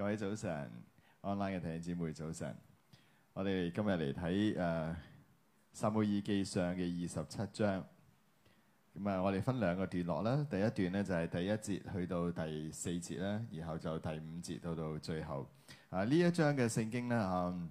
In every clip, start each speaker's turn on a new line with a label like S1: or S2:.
S1: 各位早晨，online 嘅弟兄姊妹早晨。我哋今日嚟睇《誒撒母耳記》上嘅二十七章。咁啊，我哋分兩個段落啦。第一段咧就係、是、第一節去到第四節啦，然後就第五節到到最後。啊，呢一章嘅聖經咧、嗯、啊，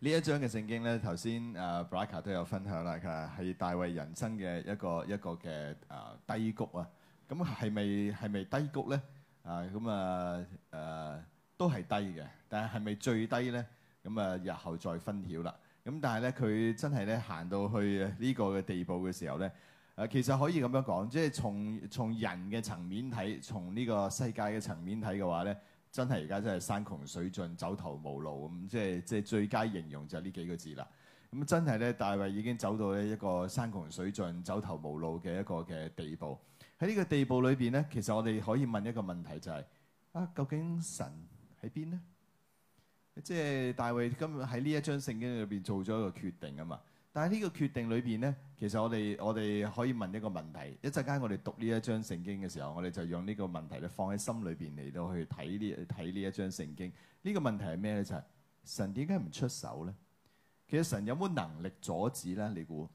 S1: 呢一章嘅聖經咧，頭先誒 Barca 都有分享啦，係大衛人生嘅一個一個嘅啊低谷啊。咁係咪係咪低谷咧？啊，咁啊，誒都係低嘅，但係係咪最低呢？咁、嗯、啊，日後再分曉啦。咁、嗯、但係呢，佢真係咧行到去呢個嘅地步嘅時候呢，誒、啊、其實可以咁樣講，即係從從人嘅層面睇，從呢個世界嘅層面睇嘅話呢，真係而家真係山窮水盡、走投無路咁、嗯，即係即係最佳形容就係呢幾個字啦。咁、嗯、真係呢，大衛已經走到咧一個山窮水盡、走投無路嘅一個嘅地步。喺呢個地步裏邊咧，其實我哋可以問一個問題，就是，就係啊，究竟神喺邊呢？即係大衛今日喺呢一章聖經裏邊做咗一個決定啊嘛。但係呢個決定裏邊咧，其實我哋我哋可以問一個問題：一陣間我哋讀呢一章聖經嘅時候，我哋就用呢個問題咧放喺心裏邊嚟到去睇呢睇呢一章聖經。呢、這個問題係咩咧？就係、是、神點解唔出手咧？其實神有冇能力阻止咧？你估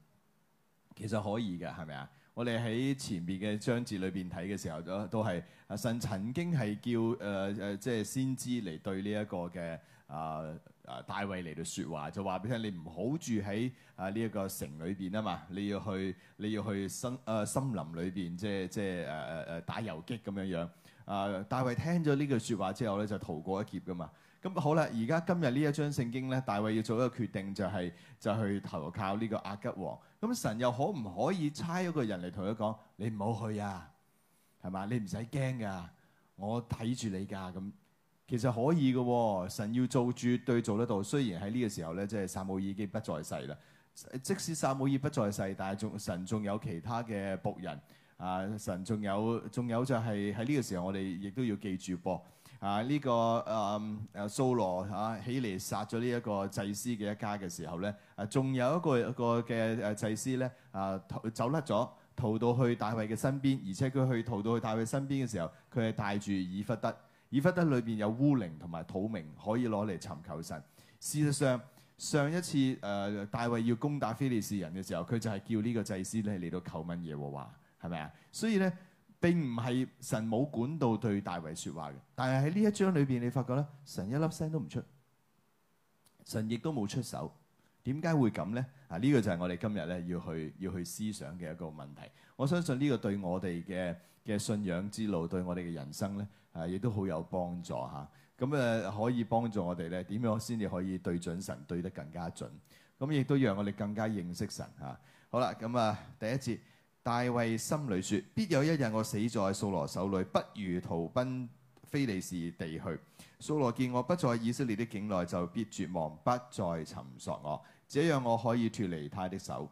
S1: 其實可以嘅，係咪啊？我哋喺前面嘅章節裏邊睇嘅時候，都都係阿神曾經係叫誒誒、呃、即係先知嚟，對呢一個嘅誒誒大衛嚟到說話，就話俾佢聽，你唔好住喺啊呢一個城裏邊啊嘛，你要去你要去森誒、呃、森林裏邊即係即係誒誒誒打游擊咁樣樣誒大衛聽咗呢句說話之後咧，就逃過一劫噶嘛。咁好啦，而家今日呢一章聖經咧，大衛要做一個決定，就是，就係就去投靠呢個亞吉王。咁神又可唔可以差一個人嚟同佢講：嗯、你唔好去啊，係嘛？你唔使驚噶，我睇住你㗎。咁其實可以嘅，哦，神要做絕對做得到。雖然喺呢個時候咧，即係撒母耳已經不在世啦。即使撒母耳已不在世，但係仲神仲有其他嘅僕人啊，神仲有仲有就係喺呢個時候，我哋亦都要記住噃。啊！呢、這個誒誒、啊、掃羅啊，起嚟殺咗呢一個祭司嘅一家嘅時候咧，啊，仲有一個一個嘅誒祭司咧，啊逃走甩咗，逃到去大衛嘅身邊，而且佢去逃到去大衛身邊嘅時候，佢係帶住以弗得。以弗得裏邊有烏陵同埋土明可以攞嚟尋求神。事實上，上一次誒、呃、大衛要攻打非利士人嘅時候，佢就係叫呢個祭司咧嚟到求問耶和華，係咪啊？所以咧。並唔係神冇管到對大衛說話嘅，但係喺呢一章裏邊，你發覺咧，神一粒聲都唔出，神亦都冇出手，點解會咁呢？啊，呢、這個就係我哋今日咧要去要去思想嘅一個問題。我相信呢個對我哋嘅嘅信仰之路，對我哋嘅人生呢，啊，亦都好有幫助吓。咁、啊、誒、啊，可以幫助我哋咧，點樣先至可以對準神對得更加準？咁、啊、亦都讓我哋更加認識神吓、啊。好啦，咁啊，第一節。大衛心裏說：必有一日我死在掃羅手裏，不如逃奔非利士地去。掃羅見我不在以色列的境內，就必絕望，不再尋索我，這樣我可以脫離他的手。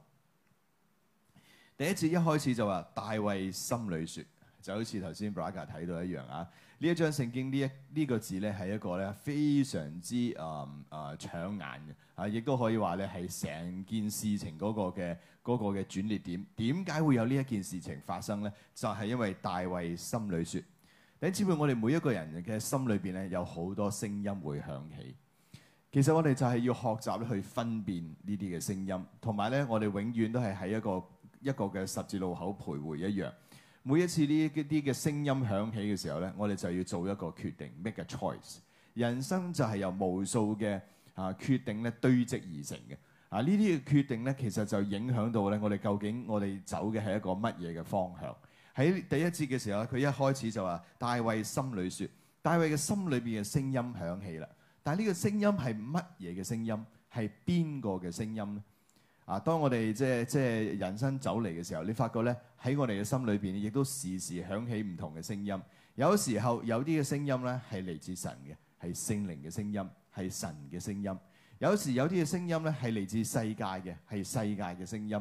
S1: 第一節一開始就話：大衛心裏說，就好似頭先布拉格睇到一樣啊。呢一章聖經呢一呢、這個字呢，係一個咧非常之啊啊搶眼嘅，啊，亦都可以話咧係成件事情嗰個嘅。嗰個嘅轉捩點，點解會有呢一件事情發生呢？就係因為大衛心裏説。等接住我哋每一個人嘅心裏邊咧，有好多聲音會響起。其實我哋就係要學習去分辨呢啲嘅聲音，同埋咧我哋永遠都係喺一個一個嘅十字路口徘徊一樣。每一次呢啲嘅聲音響起嘅時候咧，我哋就要做一個決定，make a choice。人生就係由無數嘅啊決定咧堆積而成嘅。啊！呢啲嘅決定咧，其實就影響到咧，我哋究竟我哋走嘅係一個乜嘢嘅方向？喺第一節嘅時候，佢一開始就話：大衛心裏説，大衛嘅心裏邊嘅聲音響起啦。但係呢個聲音係乜嘢嘅聲音？係邊個嘅聲音咧？啊！當我哋即係即係人生走嚟嘅時候，你發覺咧，喺我哋嘅心裏邊，亦都時時響起唔同嘅聲音。有時候有啲嘅聲音咧，係嚟自神嘅，係聖靈嘅聲音，係神嘅聲音。有時有啲嘅聲音咧係嚟自世界嘅，係世界嘅聲音；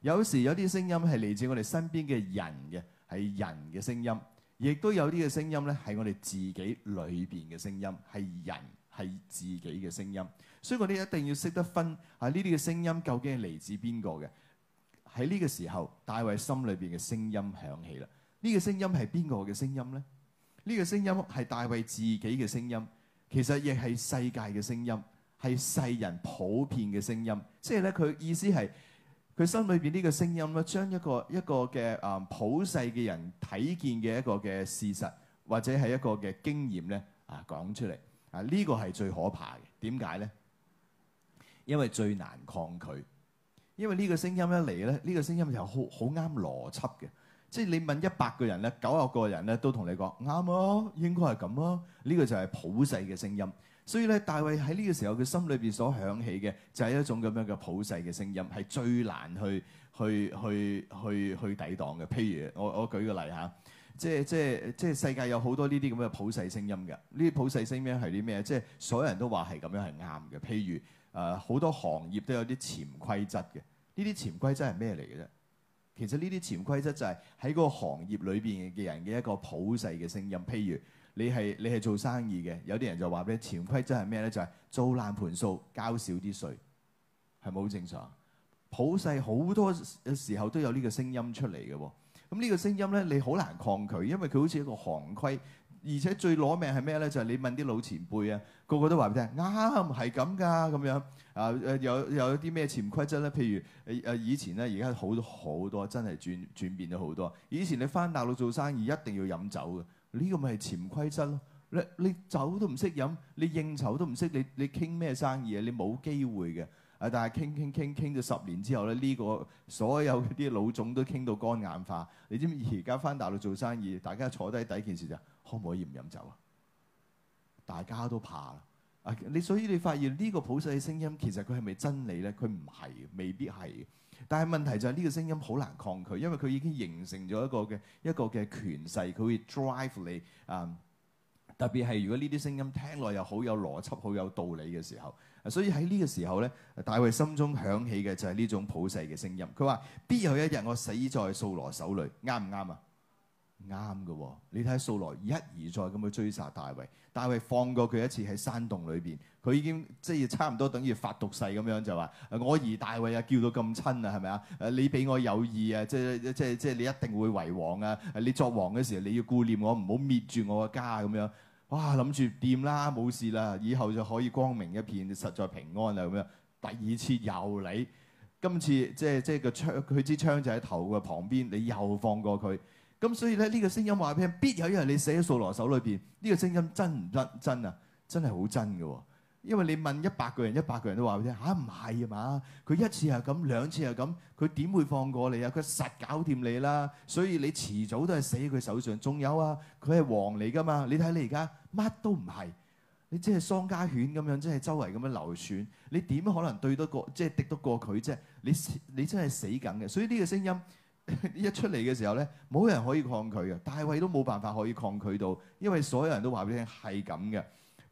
S1: 有時有啲聲音係嚟自我哋身邊嘅人嘅，係人嘅聲音。亦都有啲嘅聲音咧係我哋自己裏邊嘅聲音，係人係自己嘅聲音。所以我哋一定要識得分啊！呢啲嘅聲音究竟係嚟自邊個嘅？喺呢個時候，大衛心裏邊嘅聲音響起啦。呢個聲音係邊個嘅聲音咧？呢個聲音係大衛自己嘅聲音，其實亦係世界嘅聲音。係世人普遍嘅聲音，即係咧，佢意思係佢心裏邊呢個聲音咧，將一個一個嘅啊、嗯、普世嘅人睇見嘅一個嘅事實或者係一個嘅經驗咧啊講出嚟，啊呢個係最可怕嘅，點解咧？因為最難抗拒，因為呢個聲音一嚟咧，呢個聲音就好好啱邏輯嘅，即係你問一百個人咧，九十個人咧都同你講啱囉，應該係咁囉，呢個就係普世嘅聲音。所以咧，大衛喺呢個時候，佢心裏邊所響起嘅就係一種咁樣嘅普世嘅聲音，係最難去去去去去抵擋嘅。譬如我我舉個例嚇，即係即係即係世界有好多呢啲咁嘅普世聲音嘅。呢啲普世聲音係啲咩？即係所有人都話係咁樣係啱嘅。譬如誒，好多行業都有啲潛規則嘅。呢啲潛規則係咩嚟嘅咧？其實呢啲潛規則就係喺嗰個行業裏邊嘅人嘅一個普世嘅聲音。譬如。你係你係做生意嘅，有啲人就話俾你潛規則係咩咧？就係、是、做爛盤數，交少啲稅，係咪好正常？普世好多時候都有呢個聲音出嚟嘅，咁呢個聲音咧，你好難抗拒，因為佢好似一個行規，而且最攞命係咩咧？就係、是、你問啲老前輩啊，個個都話俾你聽啱，係咁㗎咁樣啊！誒、啊、有有啲咩潛規則咧？譬如誒、啊、以前咧，而家好咗好多，真係轉轉變咗好多。以前你翻大陸做生意一定要飲酒嘅。呢個咪係潛規則咯！你你酒都唔識飲，你應酬都唔識，你你傾咩生意啊？你冇機會嘅。啊，但係傾傾傾傾咗十年之後咧，呢、這個所有啲老總都傾到肝硬化。你知唔知而家翻大陸做生意，大家坐低第一件事就是、可唔可以唔飲酒啊？大家都怕啦。啊，你所以你發現呢、這個普世嘅聲音，其實佢係咪真理咧？佢唔係，未必係。但係問題就係呢個聲音好難抗拒，因為佢已經形成咗一個嘅一個嘅權勢，佢會 drive 你啊！特別係如果呢啲聲音聽落又好有邏輯、好有道理嘅時候，所以喺呢個時候呢，大衛心中響起嘅就係呢種普世嘅聲音。佢話：必有一日我死在掃羅手裏，啱唔啱啊？啱㗎，你睇素來一而再咁去追殺大衛，大衛放過佢一次喺山洞裏邊，佢已經即係差唔多等於發毒誓咁樣就話、啊：我兒大衛啊，叫到咁親啊，係咪啊？你俾我有意啊，即係即係即係你一定會為王啊！你作王嘅時候你要顧念我，唔好滅住我嘅家咁、啊、樣。哇、啊，諗住掂啦，冇事啦，以後就可以光明一片，實在平安啦咁樣。第二次又嚟，今次即係即係個槍，佢支槍就喺頭嘅旁邊，你又放過佢。咁所以咧，呢個聲音話俾你聽，必有一日你死喺掃羅手裏邊。呢個聲音真唔得真啊，真係好真嘅喎。因為你問一百個人，一百個人都話俾你聽嚇，唔係啊嘛。佢一次係咁，兩次係咁，佢點會放過你啊？佢實搞掂你啦。所以你遲早都係死喺佢手上。仲有啊，佢係王嚟噶嘛？你睇你而家乜都唔係，你即係喪家犬咁樣，即係周圍咁樣流傳。你點可能對得過？即係敵得過佢啫？你你真係死緊嘅。所以呢個聲音，一出嚟嘅時候咧，冇人可以抗拒嘅，大衛都冇辦法可以抗拒到，因為所有人都話俾你聽係咁嘅，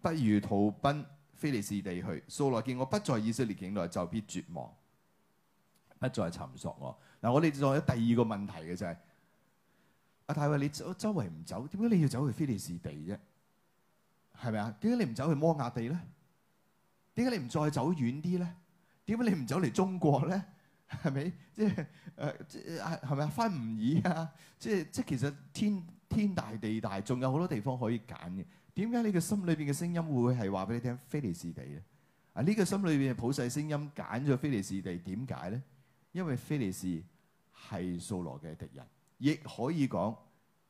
S1: 不如逃奔非利士地去。掃羅見我不在以色列境內，就必絕望，不再尋索我。嗱，我哋再有第二個問題嘅就係、是，阿大衛你周周圍唔走，點解你要走去非利士地啫？係咪啊？點解你唔走去摩亞地咧？點解你唔再走遠啲咧？點解你唔走嚟中國咧？係咪？即係誒，即係係咪啊？返唔二啊！即係即係，其實天天大地大，仲有好多地方可以揀嘅。點解你個心裏邊嘅聲音會係話俾你聽非利士地咧？啊，呢個心裏邊嘅普世聲音揀咗非利士地，點解咧？因為非利士係掃羅嘅敵人，亦可以講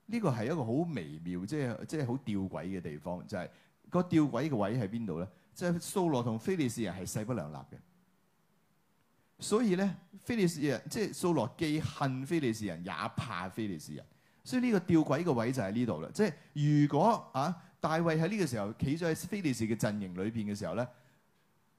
S1: 呢個係一個好微妙，即係即係好吊詭嘅地方。就係、是、個吊詭嘅位喺邊度咧？即係掃羅同非利士人係勢不兩立嘅。所以咧，非利士人即係掃羅既恨非利士人，也怕非利士人。所以呢個吊詭嘅位就喺呢度啦。即係如果啊，大衛喺呢個時候企咗喺非利士嘅陣營裏邊嘅時候咧，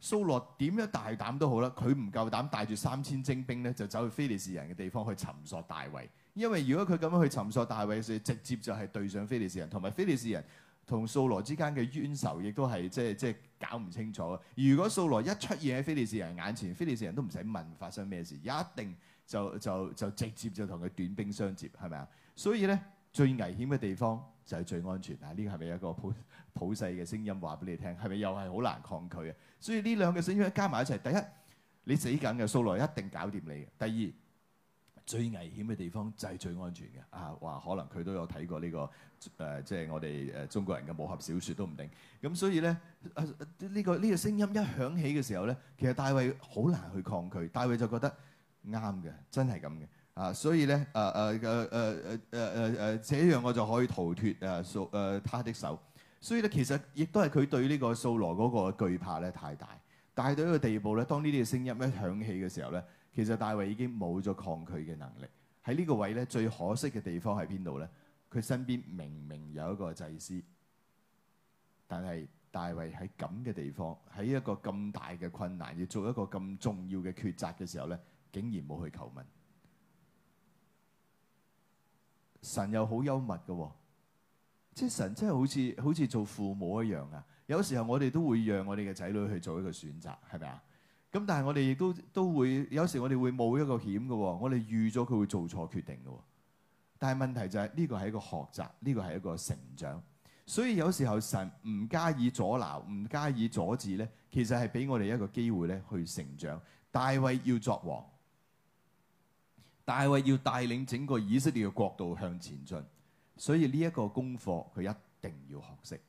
S1: 掃羅點樣大膽都好啦，佢唔夠膽帶住三千精兵咧就走去非利士人嘅地方去尋索大衛，因為如果佢咁樣去尋索大衛，直接就係對上非利士人同埋非利士人。同掃羅之間嘅冤仇，亦都係即係即係搞唔清楚。如果掃羅一出現喺菲利士人眼前，菲利士人都唔使問發生咩事，一定就就就，就直接就同佢短兵相接，係咪啊？所以咧，最危險嘅地方就係最安全啊！呢個係咪一個普普世嘅聲音話俾你聽？係咪又係好難抗拒啊？所以呢兩個聲音加埋一齊，第一你死梗嘅，掃羅一定搞掂你嘅。第二最危險嘅地方就係最安全嘅啊！話可能佢都有睇過呢、這個誒，即、呃、係、就是、我哋誒中國人嘅武俠小說都唔定。咁所以咧，呢、呃呃這個呢、這個聲音一響起嘅時候咧，其實大衛好難去抗拒。大衛就覺得啱嘅，真係咁嘅啊！所以咧，誒誒誒誒誒誒誒，這樣我就可以逃脫誒掃誒他的手。所以咧，其實亦都係佢對呢個掃羅嗰個懼怕咧太大，大到一個地步咧，當呢啲嘅聲音一響起嘅時候咧。其實大衛已經冇咗抗拒嘅能力，喺呢個位咧，最可惜嘅地方喺邊度咧？佢身邊明明有一個祭司，但係大衛喺咁嘅地方，喺一個咁大嘅困難，要做一個咁重要嘅抉擇嘅時候咧，竟然冇去求問。神又好幽默嘅，即係神真係好似好似做父母一樣啊！有時候我哋都會讓我哋嘅仔女去做一個選擇，係咪啊？咁但係我哋亦都都會有時，我哋會冒一個險嘅。我哋預咗佢會做錯決定嘅。但係問題就係呢個係一個學習，呢個係一個成長。所以有時候神唔加以阻撓，唔加以阻止呢，其實係俾我哋一個機會咧去成長。大衛要作王，大衛要帶領整個以色列嘅國度向前進。所以呢一個功課，佢一定要學識，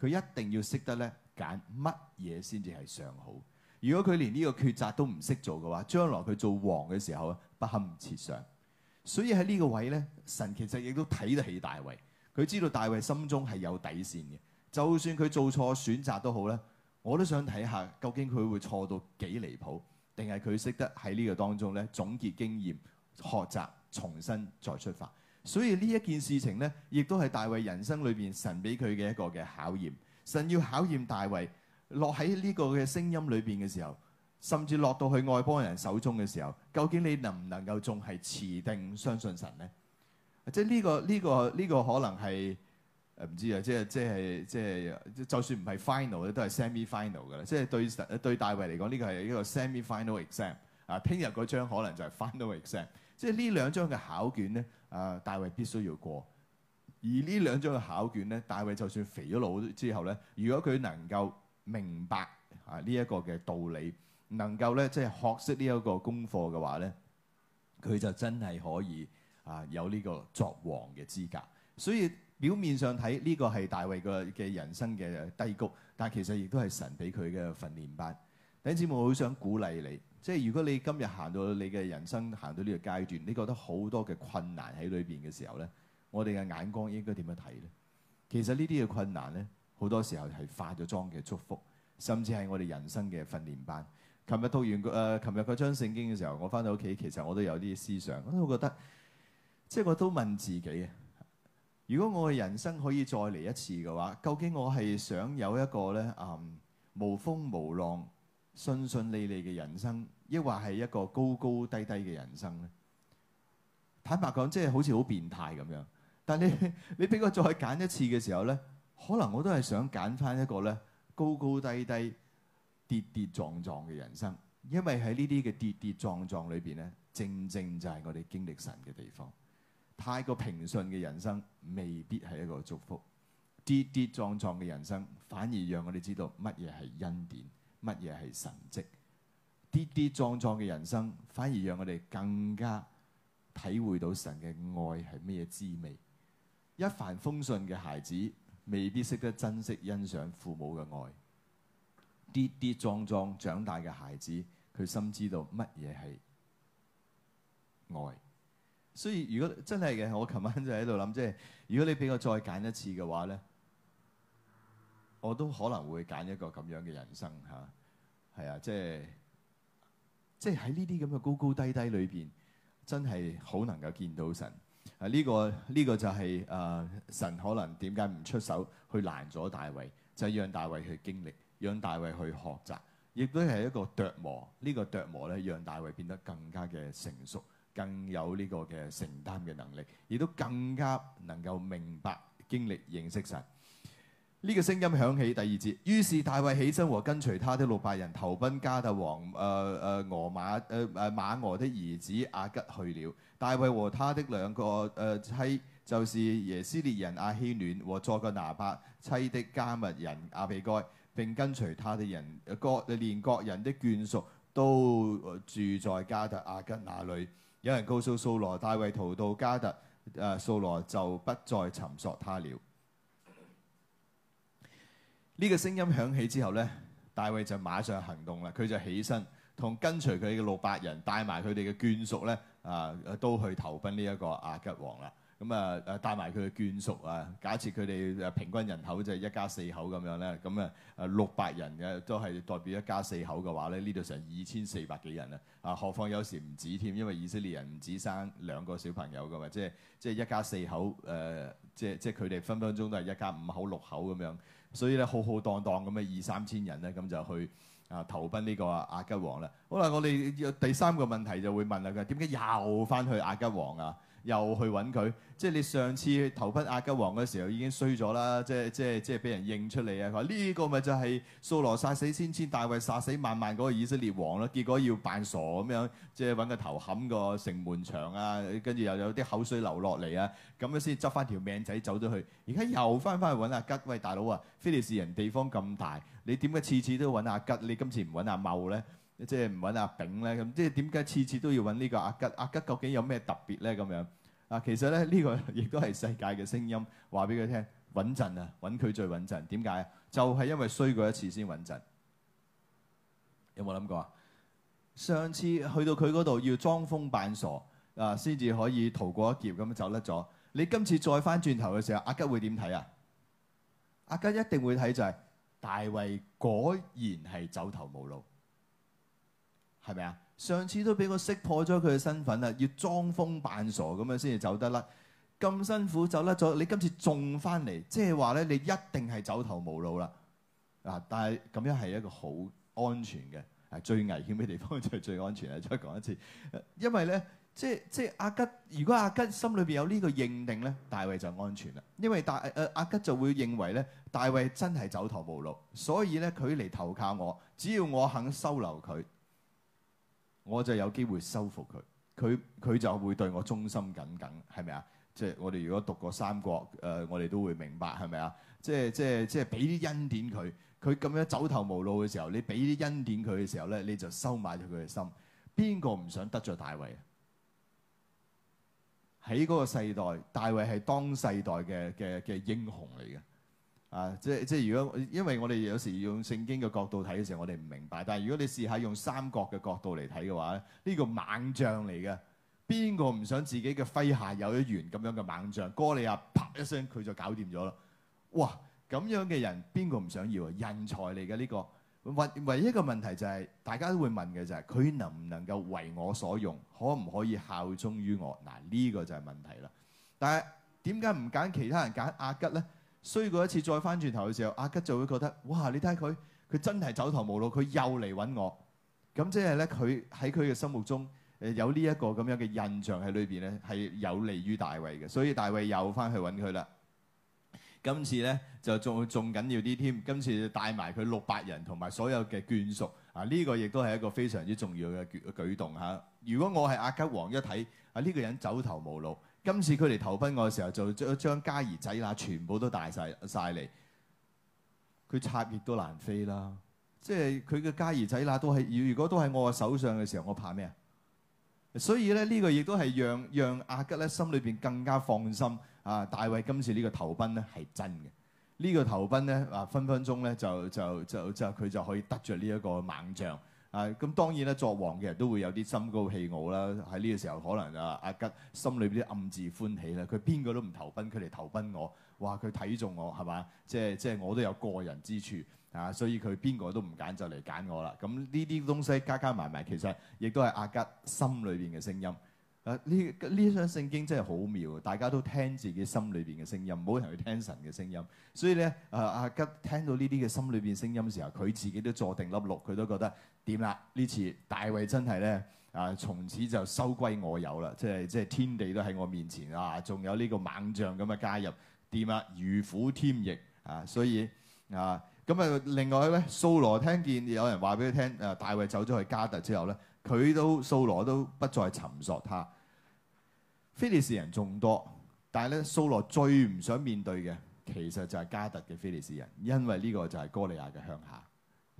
S1: 佢一定要識得咧揀乜嘢先至係上好。如果佢連呢個抉擇都唔識做嘅話，將來佢做王嘅時候不堪設想。所以喺呢個位呢，神其實亦都睇得起大衛。佢知道大衛心中係有底線嘅，就算佢做錯選擇都好咧，我都想睇下究竟佢會錯到幾離譜，定係佢識得喺呢個當中呢，總結經驗、學習、重新再出發。所以呢一件事情呢，亦都係大衛人生裏邊神俾佢嘅一個嘅考驗。神要考驗大衛。落喺呢個嘅聲音裏邊嘅時候，甚至落到去外邦人手中嘅時候，究竟你能唔能夠仲係持定相信神呢？啊、即係呢、呢個呢、呢個呢、呢個可能係唔知啊。知即係即係即係，就算唔係 final 咧，都係 semi final 嘅啦。即係對對大衛嚟講，呢、呢個係一個 semi final exam 啊。聽日嗰張可能就係 final exam，即係呢兩張嘅考卷呢，啊，大衛必須要過而呢兩張嘅考卷呢，大衛就算肥咗腦之後呢，如果佢能夠，明白啊呢一個嘅道理，能夠咧即係學識呢一個功課嘅話咧，佢就真係可以啊有呢個作王嘅資格。所以表面上睇呢個係大衛嘅嘅人生嘅低谷，但其實亦都係神俾佢嘅訓練班。頂住，我好想鼓勵你，即係如果你今日行到你嘅人生行到呢個階段，你覺得好多嘅困難喺裏邊嘅時候咧，我哋嘅眼光應該點樣睇咧？其實呢啲嘅困難咧。好多時候係化咗妝嘅祝福，甚至係我哋人生嘅訓練班。琴日讀完誒，琴日嗰張聖經嘅時候，我翻到屋企，其實我都有啲思想，我都我覺得，即係我都問自己啊，如果我嘅人生可以再嚟一次嘅話，究竟我係想有一個咧啊、嗯、無風無浪、順順利利嘅人生，抑或係一個高高低低嘅人生咧？坦白講，即係好似好變態咁樣。但你你俾我再揀一次嘅時候咧，可能我都係想揀返一個咧，高高低低、跌跌撞撞嘅人生，因為喺呢啲嘅跌跌撞撞裏邊咧，正正就係我哋經歷神嘅地方。太過平順嘅人生未必係一個祝福，跌跌撞撞嘅人生反而讓我哋知道乜嘢係恩典，乜嘢係神跡。跌跌撞撞嘅人生反而讓我哋更加體會到神嘅愛係咩滋味。一帆風順嘅孩子，未必識得珍惜欣賞父母嘅愛，跌跌撞撞長大嘅孩子，佢深知道乜嘢係愛。所以如果真係嘅，我琴晚就喺度諗，即係如果你俾我再揀一次嘅話咧，我都可能會揀一個咁樣嘅人生嚇。係啊，即係即係喺呢啲咁嘅高高低低裏邊，真係好能夠見到神。啊！呢、這個呢、這個就係、是、誒、呃、神可能點解唔出手去攔咗大衛，就係、是、讓大衛去經歷，讓大衛去學習，亦都係一個琢磨。這個、呢個琢磨咧，讓大衛變得更加嘅成熟，更有呢個嘅承擔嘅能力，亦都更加能夠明白經歷認識神。呢、這個聲音響起第二節，於是大衛起身和跟隨他的六百人投奔加特王誒誒俄馬誒誒馬俄的兒子亞吉去了。大衛和他的兩個誒、呃、妻，就是耶斯列人亞希暖和作過拿八妻的加密人亞比該，並跟隨他的人各連各人的眷屬都住在加特亞吉那裡。有人告訴掃羅，大衛逃到加特，誒、呃，掃羅就不再尋索他了。呢、這個聲音響起之後呢，大衛就馬上行動啦。佢就起身同跟隨佢嘅六百人帶埋佢哋嘅眷屬呢。啊！都去投奔呢一個阿吉王啦。咁啊，帶埋佢嘅眷屬啊。假設佢哋平均人口就係一家四口咁樣咧，咁啊，六百人嘅都係代表一家四口嘅話咧，呢度成二千四百幾人啊！啊，何況有時唔止添，因為以色列人唔止生兩個小朋友嘅嘛，即係即係一家四口。誒、啊，即係即係佢哋分分鐘都係一家五口、六口咁樣。所以咧，浩浩蕩蕩咁嘅二三千人咧，咁就去。啊，投奔呢個亞吉王啦。好啦，我哋第三個問題就會問啦，佢點解又返去亞吉王啊？又去揾佢，即係你上次去投奔阿吉王嘅時候已經衰咗啦，即係即係即係俾人認出嚟啊！佢話呢個咪就係掃羅殺死千千，大衛殺死萬萬嗰個以色列王咯，結果要扮傻咁樣，即係揾個頭冚個城門牆啊，跟住又有啲口水流落嚟啊，咁樣先執翻條命仔走咗去。而家又翻返去揾阿吉，喂，大佬啊，非利士人地方咁大，你點解次次都揾阿吉？你今次唔揾阿茂呢？即係唔揾阿丙咧，咁即係點解次次都要揾呢個阿吉？阿吉究竟有咩特別咧？咁樣啊，其實咧呢個亦都係世界嘅聲音，話俾佢聽穩陣啊，揾佢最穩陣。點解啊？就係因為衰過一次先穩陣。有冇諗過啊？上次去到佢嗰度要裝瘋扮傻啊，先至可以逃過一劫咁走甩咗。你今次再翻轉頭嘅時候，阿吉會點睇啊？阿吉一定會睇就係大衛果然係走投無路。係咪啊？上次都俾我識破咗佢嘅身份啦，要裝瘋扮傻咁樣先至走得甩啦。咁辛苦走甩咗，你今次仲翻嚟，即係話咧，你一定係走投無路啦嗱、啊。但係咁樣係一個好安全嘅，係最危險嘅地方就係最安全啦。再講一次，因為咧，即係即係阿吉，如果阿吉心裏邊有呢個認定咧，大衛就安全啦。因為大誒、呃、阿吉就會認為咧，大衛真係走投無路，所以咧佢嚟投靠我，只要我肯收留佢。我就有機會收服佢，佢佢就會對我忠心耿耿，係咪啊？即係我哋如果讀過《三國》呃，誒，我哋都會明白係咪啊？即係即係即係俾啲恩典佢，佢咁樣走投無路嘅時候，你俾啲恩典佢嘅時候咧，你就收買咗佢嘅心。邊個唔想得罪大衛啊？喺嗰個世代，大衛係當世代嘅嘅嘅英雄嚟嘅。啊！即即如果因為我哋有時用聖經嘅角度睇嘅時候，我哋唔明白。但係如果你試下用三國嘅角度嚟睇嘅話咧，呢、這個猛將嚟嘅，邊個唔想自己嘅麾下有一員咁樣嘅猛將？哥利亞啪一聲，佢就搞掂咗啦！哇！咁樣嘅人邊個唔想要啊？人才嚟嘅呢個。唯唯一嘅問題就係、是、大家都會問嘅就係、是、佢能唔能夠為我所用，可唔可以效忠於我？嗱，呢個就係問題啦。但係點解唔揀其他人揀亞吉咧？衰過一次再翻轉頭嘅時候，阿吉就會覺得，哇！你睇下佢，佢真係走投無路，佢又嚟揾我，咁即係呢，佢喺佢嘅心目中，誒有呢一個咁樣嘅印象喺裏邊呢，係有利於大衛嘅。所以大衛又翻去揾佢啦。今次呢，就仲仲緊要啲添，今次帶埋佢六百人同埋所有嘅眷屬啊！呢個亦都係一個非常之重要嘅舉舉動嚇、啊。如果我係阿吉王一睇，啊，呢個人走投無路。今次佢嚟投奔我嘅時候就，就將將家兒仔乸全部都帶晒曬嚟。佢插翼都難飛啦，即係佢嘅家兒仔乸都係，如果都喺我嘅手上嘅時候，我怕咩啊？所以咧，呢個亦都係讓讓阿吉咧心裏邊更加放心啊！大衛今次呢個投奔咧係真嘅，呢個投奔咧啊分分鐘咧就就就就佢就可以得著呢一個猛將。啊！咁當然啦，作王嘅人都會有啲心高氣傲啦。喺呢個時候，可能啊，阿、啊、吉心裏邊啲暗自歡喜啦。佢邊個都唔投奔，佢嚟投奔我。哇！佢睇中我係嘛？即係即係我都有個人之處啊，所以佢邊個都唔揀就嚟揀我啦。咁呢啲東西加加埋埋，其實亦都係阿吉心裏邊嘅聲音。啊！呢呢一張聖經真係好妙，大家都聽自己心裏邊嘅聲音，冇人去佢聽神嘅聲音。所以咧、啊，啊阿吉聽到呢啲嘅心裏邊聲音時候，佢、啊、自己都坐定粒六，佢都覺得。掂啦？呢次大衛真係咧啊，從此就收歸我有啦，即係即係天地都喺我面前啊！仲有呢個猛將咁嘅加入，掂啊？如虎添翼啊！所以啊，咁啊，另外咧，掃羅聽見有人話俾佢聽，誒，大衛走咗去加特之後咧，佢都掃羅都不再尋索他。菲利士人仲多，但係咧，掃羅最唔想面對嘅，其實就係加特嘅菲利士人，因為呢個就係哥利亞嘅鄉下。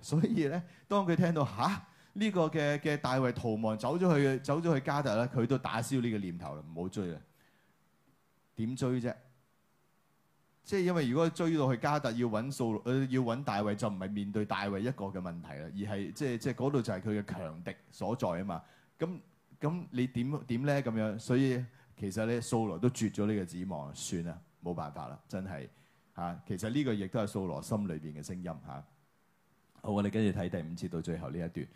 S1: 所以咧，當佢聽到吓呢、啊這個嘅嘅大衛逃亡走咗去，走咗去加特咧，佢都打消呢個念頭啦，唔好追啦。點追啫？即係因為如果追到去加特要掃羅，呃，要揾掃羅，誒，要揾大衛就唔係面對大衛一個嘅問題啦，而係即係即係嗰度就係佢嘅強敵所在啊嘛。咁咁你點點咧咁樣？所以其實咧，掃羅都絕咗呢個指望，算啦，冇辦法啦，真係吓、啊。其實呢個亦都係掃羅心裏邊嘅聲音吓。啊好，我哋跟住睇第五節到最後呢一段。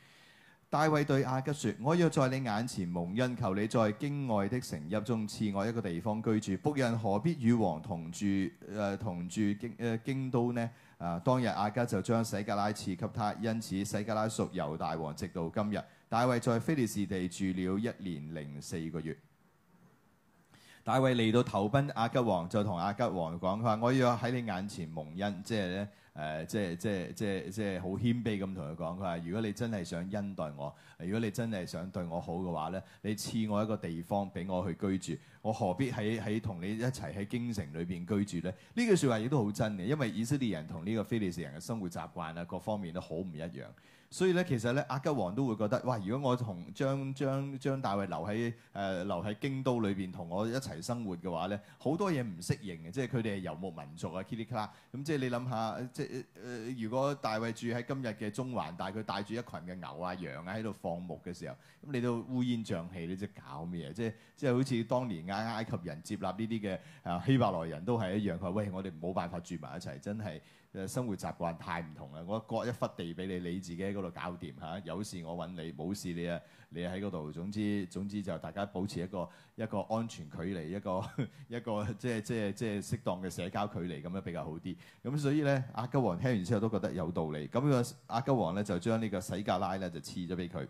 S1: 大衛對亞吉説：我要在你眼前蒙恩，求你在京外的城邑中賜我一個地方居住。僕人何必與王同住？誒、呃，同住京、呃、京都呢？啊、呃，當日亞吉就將洗格拉賜給他，因此洗格拉屬由大王直到今日。大衛在非利士地住了一年零四個月。大衛嚟到投奔亞吉王，就同亞吉王講：佢話我要喺你眼前蒙恩，即係咧。誒、呃，即係即係即係即係好謙卑咁同佢講，佢話：如果你真係想恩待我，如果你真係想對我好嘅話咧，你賜我一個地方俾我去居住，我何必喺喺同你一齊喺京城裏邊居住咧？呢句説話亦都好真嘅，因為以色列人同呢個非利士人嘅生活習慣啊，各方面都好唔一樣。所以咧，其實咧，亞吉王都會覺得，哇！如果我同將將將大衛留喺誒、呃、留喺京都裏邊同我一齊生活嘅話咧，好多嘢唔適應嘅，即係佢哋係遊牧民族啊，kitty l a 咁，即係你諗下，即係誒、呃、如果大衛住喺今日嘅中環，但係佢帶住一群嘅牛啊羊啊喺度放牧嘅時候，咁你都烏煙瘴氣，你知搞咩？即係即係好似當年亞埃及人接納呢啲嘅誒希伯來人都係一樣，佢話：喂，我哋冇辦法住埋一齊，真係。生活習慣太唔同啦，我割一忽地俾你，你自己喺嗰度搞掂吓、啊。有事我揾你，冇事你啊，你喺嗰度。總之總之就大家保持一個一個安全距離，一個一個，呵呵一個即係即係即係適當嘅社交距離咁樣比較好啲。咁所以呢，亞吉王聽完之後都覺得有道理。咁個亞吉王呢，就將呢個洗革拉呢，就賜咗俾佢。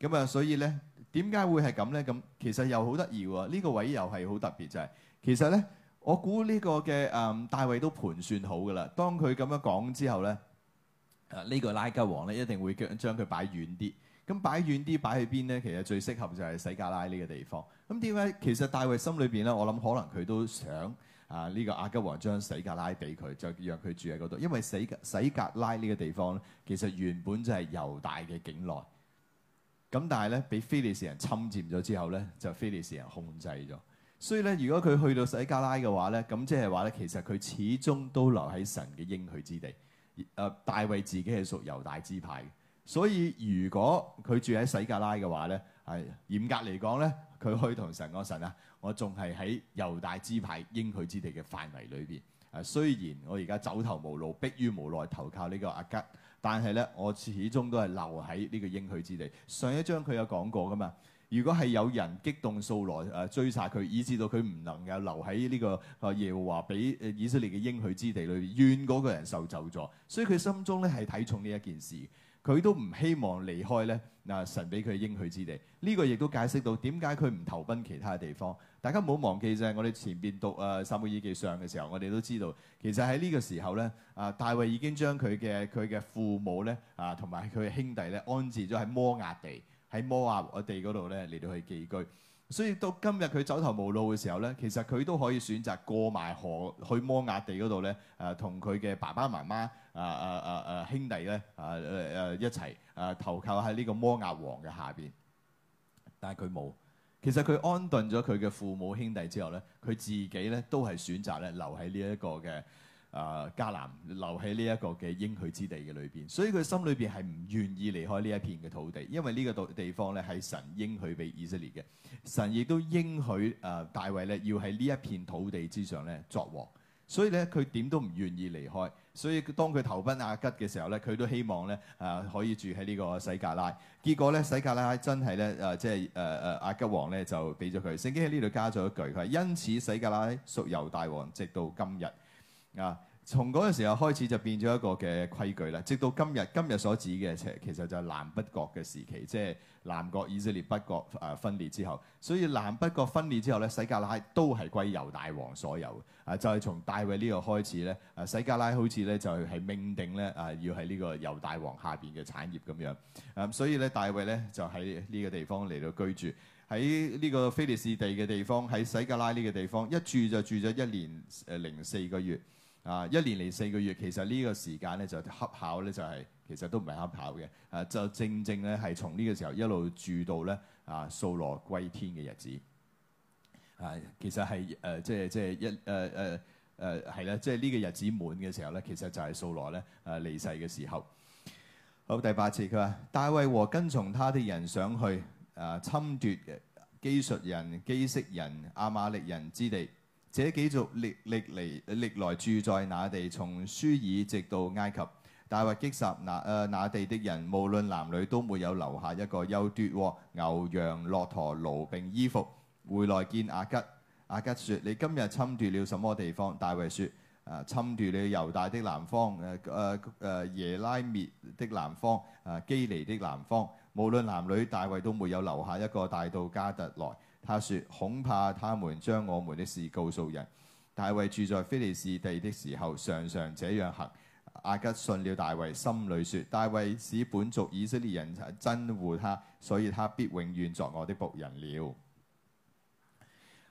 S1: 咁啊，所以呢，點解會係咁呢？咁其實又好得意喎。呢、呢個位又係好特別就係、是、其實呢。我估呢個嘅誒大衛都盤算好㗎啦。當佢咁樣講之後咧，誒、這、呢個亞吉王咧一定會將將佢擺遠啲。咁擺遠啲擺去邊咧？其實最適合就係洗革拉呢個地方。咁點解？其實大衛心裏邊咧，我諗可能佢都想啊，呢個亞吉王將洗革拉俾佢，就讓佢住喺嗰度。因為洗洗革拉呢個地方咧，其實原本就係猶大嘅境內。咁但係咧，俾非利士人侵佔咗之後咧，就非利士人控制咗。所以咧，如果佢去到洗加拉嘅話咧，咁即係話咧，其實佢始終都留喺神嘅應許之地。誒、呃，大衛自己係屬猶大支派，所以如果佢住喺洗加拉嘅話咧，係嚴格嚟講咧，佢可以同神講：神啊，我仲係喺猶大支派應許之地嘅範圍裏邊。誒、啊，雖然我而家走投無路，迫於無奈投靠呢個阿吉，但係咧，我始終都係留喺呢個應許之地。上一章佢有講過㗎嘛。如果係有人激動掃羅誒，追殺佢，以致到佢唔能夠留喺呢個耶和華俾以色列嘅應許之地裏邊，願嗰個人受咒詛，所以佢心中咧，係睇重呢一件事，佢都唔希望離開咧嗱神俾佢嘅應許之地。呢個亦都解釋到點解佢唔投奔其他嘅地方。大家唔好忘記就係，我哋前邊讀誒撒母耳記上嘅時候，我哋都知道其實喺呢個時候咧，啊大衛已經將佢嘅佢嘅父母咧啊同埋佢嘅兄弟咧安置咗喺摩押地。喺摩押嘅地嗰度咧嚟到去寄居，所以到今日佢走投無路嘅時候咧，其實佢都可以選擇過埋河去摩押地嗰度咧，誒同佢嘅爸爸媽媽、誒誒誒誒兄弟咧，誒誒誒一齊誒、呃、投靠喺呢個摩押王嘅下邊。但係佢冇，其實佢安頓咗佢嘅父母兄弟之後咧，佢自己咧都係選擇咧留喺呢一個嘅。啊！迦、呃、南留喺呢一個嘅應許之地嘅裏邊，所以佢心裏邊係唔願意離開呢一片嘅土地，因為呢個度地方咧係神應許俾以色列嘅。神亦都應許啊、呃，大衛咧要喺呢一片土地之上咧作王，所以咧佢點都唔願意離開。所以當佢投奔亞吉嘅時候咧，佢都希望咧啊、呃、可以住喺呢個洗格拉。結果咧，洗格拉真係咧啊，即係誒誒亞吉王咧就俾咗佢。聖經喺呢度加咗一句，佢因此洗格拉屬猶大王，直到今日。啊！從嗰個時候開始就變咗一個嘅規矩啦。直到今日，今日所指嘅其實就係南北國嘅時期，即係南國以色列、北國誒分裂之後，所以南北國分裂之後咧，西格拉都係歸猶大王所有嘅、啊。就係、是、從大衛呢個開始咧，誒西格拉好似咧就係命定咧啊，要喺呢個猶大王下邊嘅產業咁樣。咁、啊、所以咧，大衛咧就喺呢個地方嚟到居住。喺呢個菲利士地嘅地方，喺洗格拉呢個地方，一住就住咗一年誒零四個月啊！一年零四個月，其實呢個時間咧就恰巧咧就係、係、其實都唔係恰巧嘅啊！就正正咧係從呢個時候一路住到咧啊掃羅歸天嘅日子啊，其實係誒即係即係一誒誒誒係啦！即係呢、呃啊啊啊呢個日子滿嘅時候咧，其實就係掃羅咧誒離世嘅時候。好，第八次，佢話：大衛和跟從他的人上去。誒、啊、侵奪基述人、基色人、亞瑪力人之地，這幾族歷歷嚟歷來住在那地，從書珥直到埃及。大衛擊殺那誒、呃、那地的人，無論男女，都沒有留下一個又奪、哦。牛羊、駱駝、驢並衣服，回來見亞吉。亞吉説：你今日侵奪了什麼地方？大衛説：誒、啊、侵奪了猶大的南方，誒誒誒耶拉篾的南方，誒、啊、基尼的南方。無論男女，大衛都沒有留下一個帶到加特來。他說：恐怕他們將我們的事告訴人。大衛住在非利士地的時候，常常這樣行。亞吉信了大衛，心裏說：大衛使本族以色列人憎惡他，所以他必永遠作我的僕人了。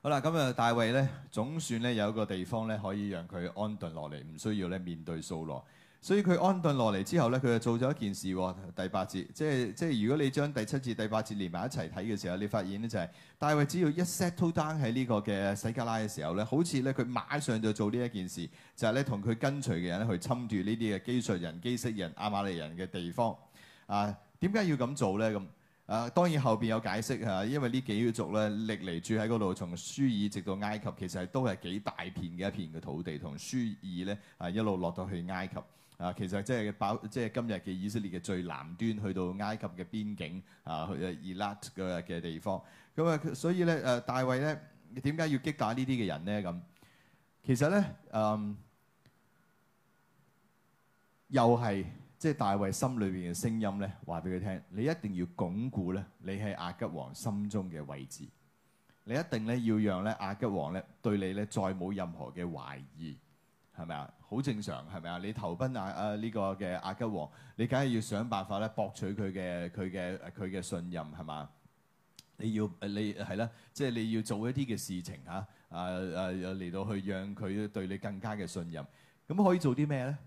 S1: 好啦，咁啊，大衛呢，總算呢有一個地方呢，可以讓佢安頓落嚟，唔需要呢面對掃羅。所以佢安頓落嚟之後咧，佢就做咗一件事。第八節，即係即係如果你將第七節、第八節連埋一齊睇嘅時候，你發現呢，就係大衛只要一 settle down 喺呢個嘅西加拉嘅時候咧，好似咧佢馬上就做呢一件事，就係咧同佢跟隨嘅人去侵住呢啲嘅基術人、基色人、亞瑪利人嘅地方。啊，點解要咁做咧？咁啊，當然後邊有解釋嚇，啊，因為幾個呢幾族咧歷嚟住喺嗰度，從舒爾直到埃及，其實都係幾大片嘅一片嘅土地，同舒爾咧啊一路落到去埃及。啊，其實即係包，即係今日嘅以色列嘅最南端，去到埃及嘅邊境啊，去 Elat 嘅嘅地方。咁啊，所以咧，誒，大衛咧，點解要擊打呢啲嘅人咧？咁其實咧，誒，又係即係大衛心裏邊嘅聲音咧，話俾佢聽，你一定要鞏固咧，你喺亞吉王心中嘅位置，你一定咧要讓咧亞吉王咧對你咧再冇任何嘅懷疑。係咪啊？好正常，係咪啊？你投奔阿阿呢個嘅阿吉王，你梗係要想辦法咧，博取佢嘅佢嘅佢嘅信任，係嘛？你要、啊、你係啦，即係、就是、你要做一啲嘅事情吓，啊啊嚟、啊、到去讓佢對你更加嘅信任。咁可以做啲咩咧？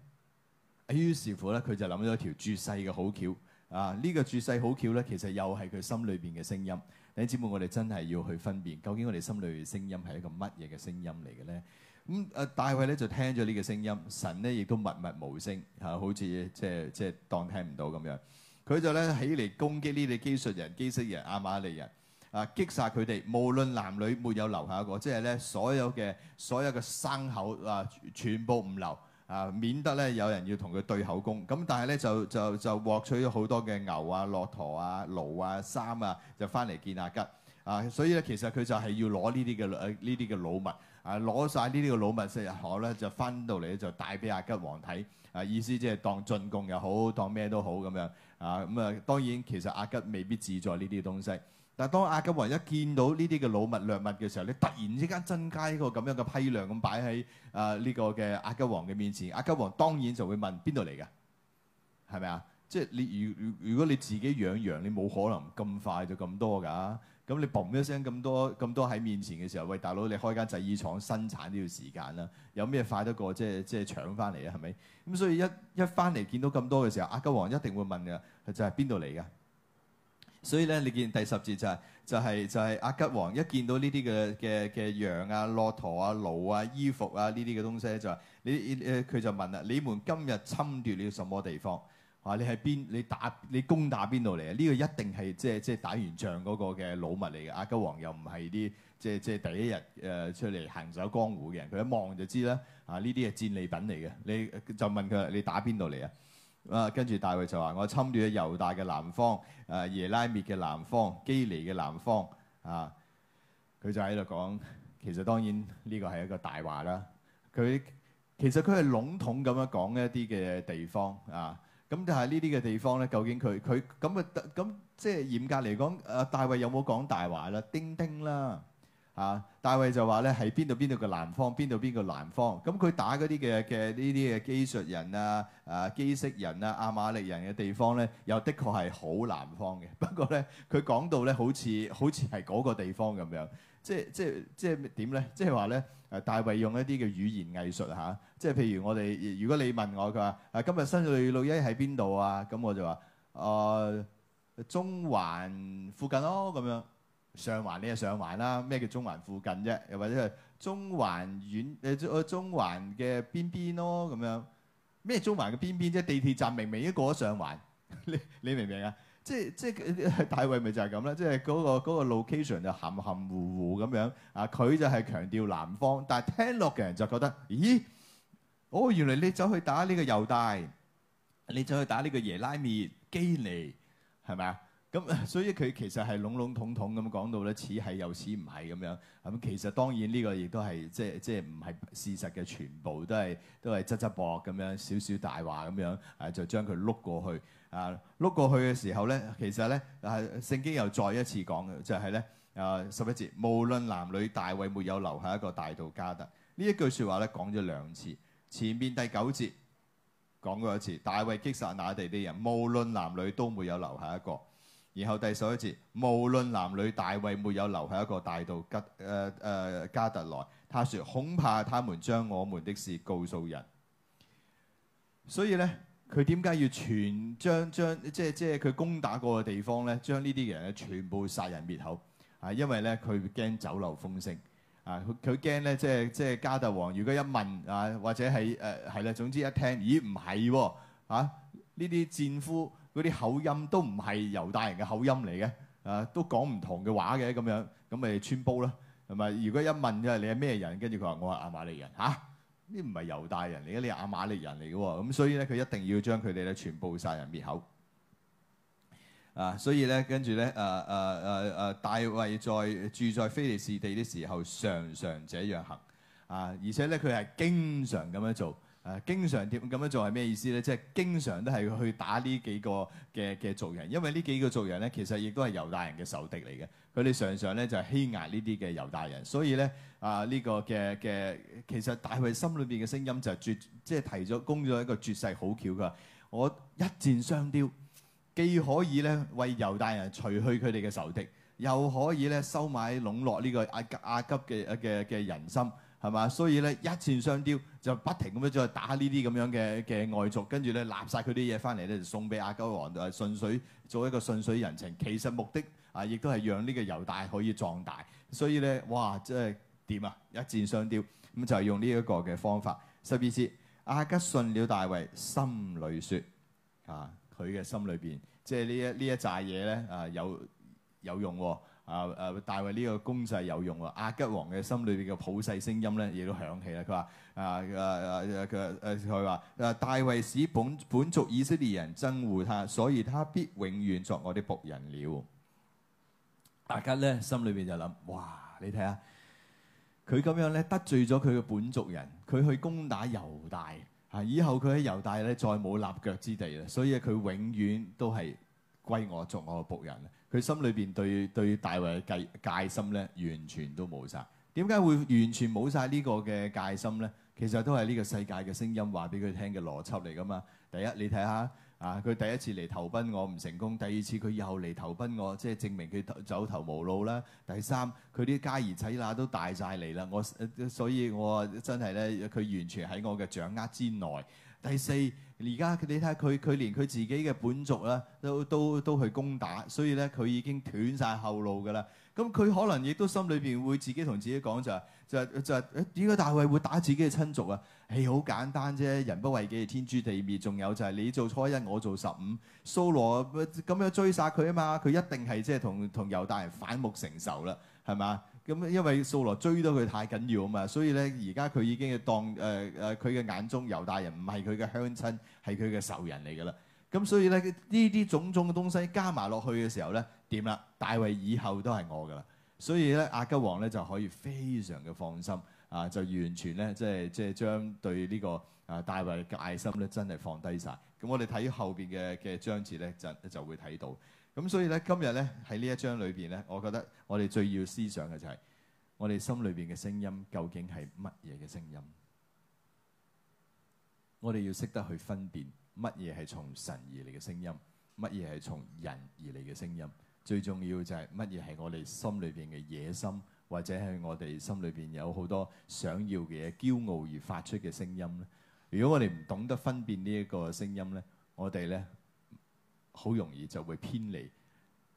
S1: 於是乎咧，佢就諗咗一條絕世嘅好橋啊！呢、這個絕世好橋咧，其實又係佢心裏邊嘅聲音。弟兄姊妹，我哋真係要去分辨，究竟我哋心裏嘅聲音係一個乜嘢嘅聲音嚟嘅咧？咁誒，大衛咧就聽咗呢個聲音，神咧亦都默默無聲嚇、啊，好似即即，即，即當聽唔到咁樣。佢就咧起嚟攻擊呢啲基述人、基色人、亞瑪利人啊，擊殺佢哋，無論男女，沒有留下一個，即係咧所有嘅所有嘅牲口啊，全部唔留啊，免得咧有人要同佢對口供。咁、啊、但係咧就就就，就獲取咗好多嘅牛啊、駱駝啊、驢啊、衫啊，就翻嚟見亞吉啊。所以咧其實佢就係要攞呢啲嘅呢啲嘅擄物。啊！攞晒呢啲嘅老物食，我咧就翻到嚟咧就帶俾阿吉王睇。啊，意思即係當進貢又好，當咩都好咁樣。啊，咁啊，當然其實阿吉未必自在呢啲東西。但係當阿吉王一見到呢啲嘅老物掠物嘅時候，你突然之間增加一個咁樣嘅批量咁擺喺啊呢、呢個嘅阿吉王嘅面前，阿、啊、吉王當然就會問邊度嚟㗎？係咪啊？即係你如如如果你自己養羊，你冇可能咁快就咁多㗎、啊。咁你嘣一聲咁多咁多喺面前嘅時候，喂，大佬你開間製衣廠生產都要時間啦，有咩快得過即係即係搶翻嚟啊？係咪？咁所以一一翻嚟見到咁多嘅時候，阿吉王一定會問嘅，就係邊度嚟嘅？所以咧，你見第十節就係就係就係阿吉王一見到呢啲嘅嘅嘅羊啊、駱駝啊、驢啊、衣服啊呢啲嘅東西咧，就話你誒佢、呃、就問啦：你們今日侵奪了什麼地方？話你係邊？你打你攻打邊度嚟啊？呢、這個一定係即係即係打完仗嗰個嘅老物嚟嘅。亞吉王又唔係啲即係即係第一日誒、呃、出嚟行走，走江湖嘅人，佢一望就知啦。啊，呢啲係戰利品嚟嘅。你就問佢你打邊度嚟啊？啊，跟住大衛就話：我侵略咗猶大嘅南方、誒、啊、耶拉滅嘅南方、基尼嘅南方啊。佢就喺度講，其實當然呢個係一個大話啦。佢其實佢係籠統咁樣講一啲嘅地方啊。咁但係呢啲嘅地方咧，究竟佢佢咁嘅咁即係嚴格嚟講，阿、啊、大衛有冇講大話啦？丁丁啦，啊大衛就話咧係邊度邊度嘅南方，邊度邊個南方。咁、嗯、佢打嗰啲嘅嘅呢啲嘅基述人啊、啊基色人啊、亞瑪力人嘅地方咧，又的確係好南方嘅。不過咧，佢講到咧，好似好似係嗰個地方咁樣，即係即係即係點咧？即係話咧。大衞用一啲嘅語言藝術嚇、啊，即係譬如我哋，如果你問我，佢話誒今日新地六一喺邊度啊？咁我就話誒、呃、中環附近咯，咁樣上環你就上環啦。咩叫中環附近啫？又或者係中環遠誒中環嘅邊邊咯？咁樣咩中環嘅邊邊啫？地鐵站明明已經過咗上環，你你明唔明啊？即係即係大衞咪就係咁啦，即係嗰、嗰個 location、嗰個、就含含糊糊咁樣啊，佢就係強調南方，但係聽落嘅人就覺得，咦？哦，原來你走去打呢個猶大，你走去打呢個耶拉篾基尼，係咪啊？咁所以佢其實係籠籠統統咁講到咧，似係又似唔係咁樣。咁其實當然呢個亦都係即係即係唔係事實嘅全部都，都係都係側側膊咁樣少少大話咁樣，誒、啊、就將佢碌過去。啊，碌過去嘅時候呢，其實呢，啊聖經又再一次講嘅就係、是、呢啊十一節，無論男女，大衛沒有留下一個帶到迦特。呢一句説話呢，講咗兩次，前面第九節講過一次，大衛擊殺那地啲人，無論男女都沒有留下一個。然後第十一節，無論男女，大衛沒有留下一個帶到迦，誒、呃、誒迦特來。他說恐怕他們將我們的事告訴人。所以呢。佢點解要全將將即係即係佢攻打過嘅地方咧，將呢啲人咧全部殺人滅口啊？因為咧佢驚走漏風聲啊！佢佢驚咧即係即係加特王如果一問啊，或者係誒係啦，總之一聽，咦唔係喎啊！呢啲戰俘嗰啲口音都唔係猶大人嘅口音嚟嘅啊，都講唔同嘅話嘅咁樣，咁咪穿煲啦，係咪？如果一問啊，你係咩人？跟住佢話我係亞瑪力人嚇。啲唔係猶大人嚟嘅，你係亞瑪力人嚟嘅喎，咁所以咧佢一定要將佢哋咧全部殺人滅口。啊，所以咧跟住咧，誒誒誒誒，大、啊、衛、啊啊、在住在非利士地的時候，常常這樣行。啊，而且咧佢係經常咁樣做。誒、啊，經常點咁樣做係咩意思咧？即、就、係、是、經常都係去打呢幾個嘅嘅族人，因為呢幾個族人咧其實亦都係猶大人嘅仇敵嚟嘅。佢哋常常咧就是、欺壓呢啲嘅猶大人，所以咧啊呢、這個嘅嘅，其實大衛心裏邊嘅聲音就絕，即係提咗供咗一個絕世好橋噶，我一箭雙雕，既可以咧為猶大人除去佢哋嘅仇敵，又可以咧收買籠絡呢個阿亞吉嘅嘅嘅人心，係嘛？所以咧一箭雙雕就不停咁樣再打呢啲咁樣嘅嘅外族，跟住咧擸晒佢啲嘢翻嚟咧就送俾亞吉王，就順水，做一個順水人情，其實目的。啊！亦都係讓呢個猶大可以壯大，所以咧，哇！即係點啊？一箭雙雕咁，嗯、就係、是、用呢一個嘅方法。十二節阿吉信了大衛，心裏說啊，佢嘅心裏邊即係呢一呢一扎嘢咧啊，有有用喎啊，啊！啊，大衛呢個公勢有用喎，啊。阿吉王嘅心裏邊嘅普世聲音咧，亦都響起啦。佢話啊啊啊佢佢話啊，大衛使本本族以色列人憎惡他，所以他必永遠作我的僕人了。大家咧心裏邊就諗，哇！你睇下佢咁樣咧得罪咗佢嘅本族人，佢去攻打猶大，嚇以後佢喺猶大咧再冇立腳之地啦，所以咧佢永遠都係歸我，做我僕人。佢心裏邊對對大衛嘅戒戒心咧完全都冇晒。點解會完全冇晒呢個嘅戒心咧？其實都係呢個世界嘅聲音話俾佢聽嘅邏輯嚟㗎嘛。第一，你睇下。啊！佢第一次嚟投奔我唔成功，第二次佢又嚟投奔我，即係證明佢走走投無路啦。第三，佢啲家兒仔乸都大晒嚟啦。我，所以我真係咧，佢完全喺我嘅掌握之內。第四，而家你睇下佢，佢連佢自己嘅本族咧，都都都去攻打，所以咧佢已經斷晒後路㗎啦。咁佢可能亦都心裏邊會自己同自己講就係、是、就係、是、就係、是、誒，點解大衛會打自己嘅親族啊？係好簡單啫，人不為己，天誅地滅。仲有就係你做初一，我做十五，掃羅咁樣追殺佢啊嘛，佢一定係即係同同猶大人反目成仇啦，係咪？咁因為掃羅追到佢太緊要啊嘛，所以咧而家佢已經當誒誒佢嘅眼中猶大人唔係佢嘅鄉親，係佢嘅仇人嚟㗎啦。咁所以咧呢啲種種嘅東西加埋落去嘅時候咧，點啦？大衛以後都係我㗎啦，所以咧亞吉王咧就可以非常嘅放心。啊，就完全咧，即係即係將對呢個啊大衛嘅戒心咧，真係放低晒。咁我哋睇後邊嘅嘅章節咧，就就會睇到。咁所以咧，今日咧喺呢一章裏邊咧，我覺得我哋最要思想嘅就係，我哋心裏邊嘅聲音究竟係乜嘢嘅聲音？我哋要識得去分辨乜嘢係從神而嚟嘅聲音，乜嘢係從人而嚟嘅聲音？最重要就係乜嘢係我哋心裏邊嘅野心。或者係我哋心裏邊有好多想要嘅嘢，驕傲而發出嘅聲音咧。如果我哋唔懂得分辨呢一個聲音咧，我哋咧好容易就會偏離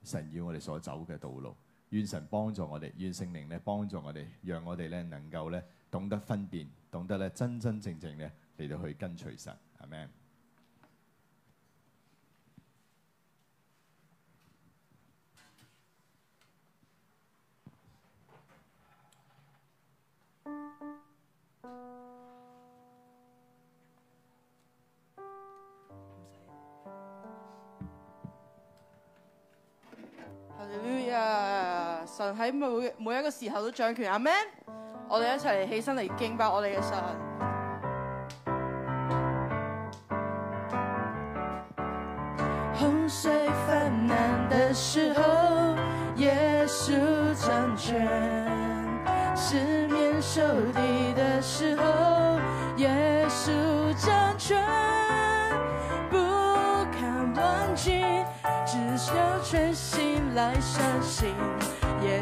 S1: 神要我哋所走嘅道路。願神幫助我哋，願聖靈咧幫助我哋，讓我哋咧能夠咧懂得分辨，懂得咧真真正正咧嚟到去跟隨神。係咪？
S2: 喺每每一個時候都掌權，阿們，我哋一齊起身嚟敬拜我哋嘅神。洪水泛濫嘅時候，耶穌掌權；四面受敵嘅時候，耶穌掌權。不看環境，只求全心來相信。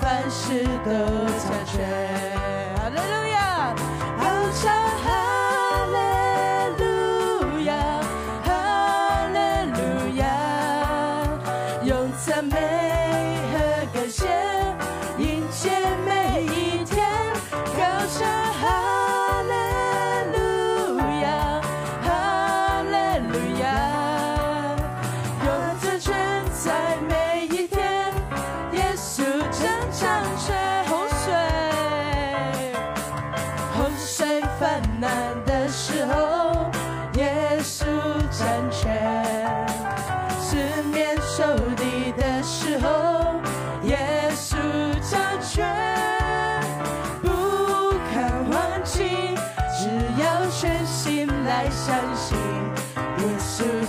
S2: 凡事都成全。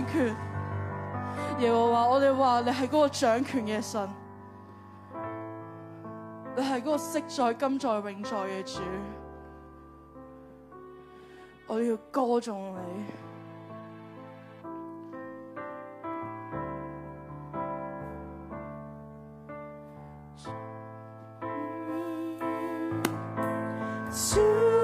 S2: 掌權，耶和華，我哋話你係嗰個掌權嘅神，你係嗰個昔在、今在、永在嘅主，我要歌頌你。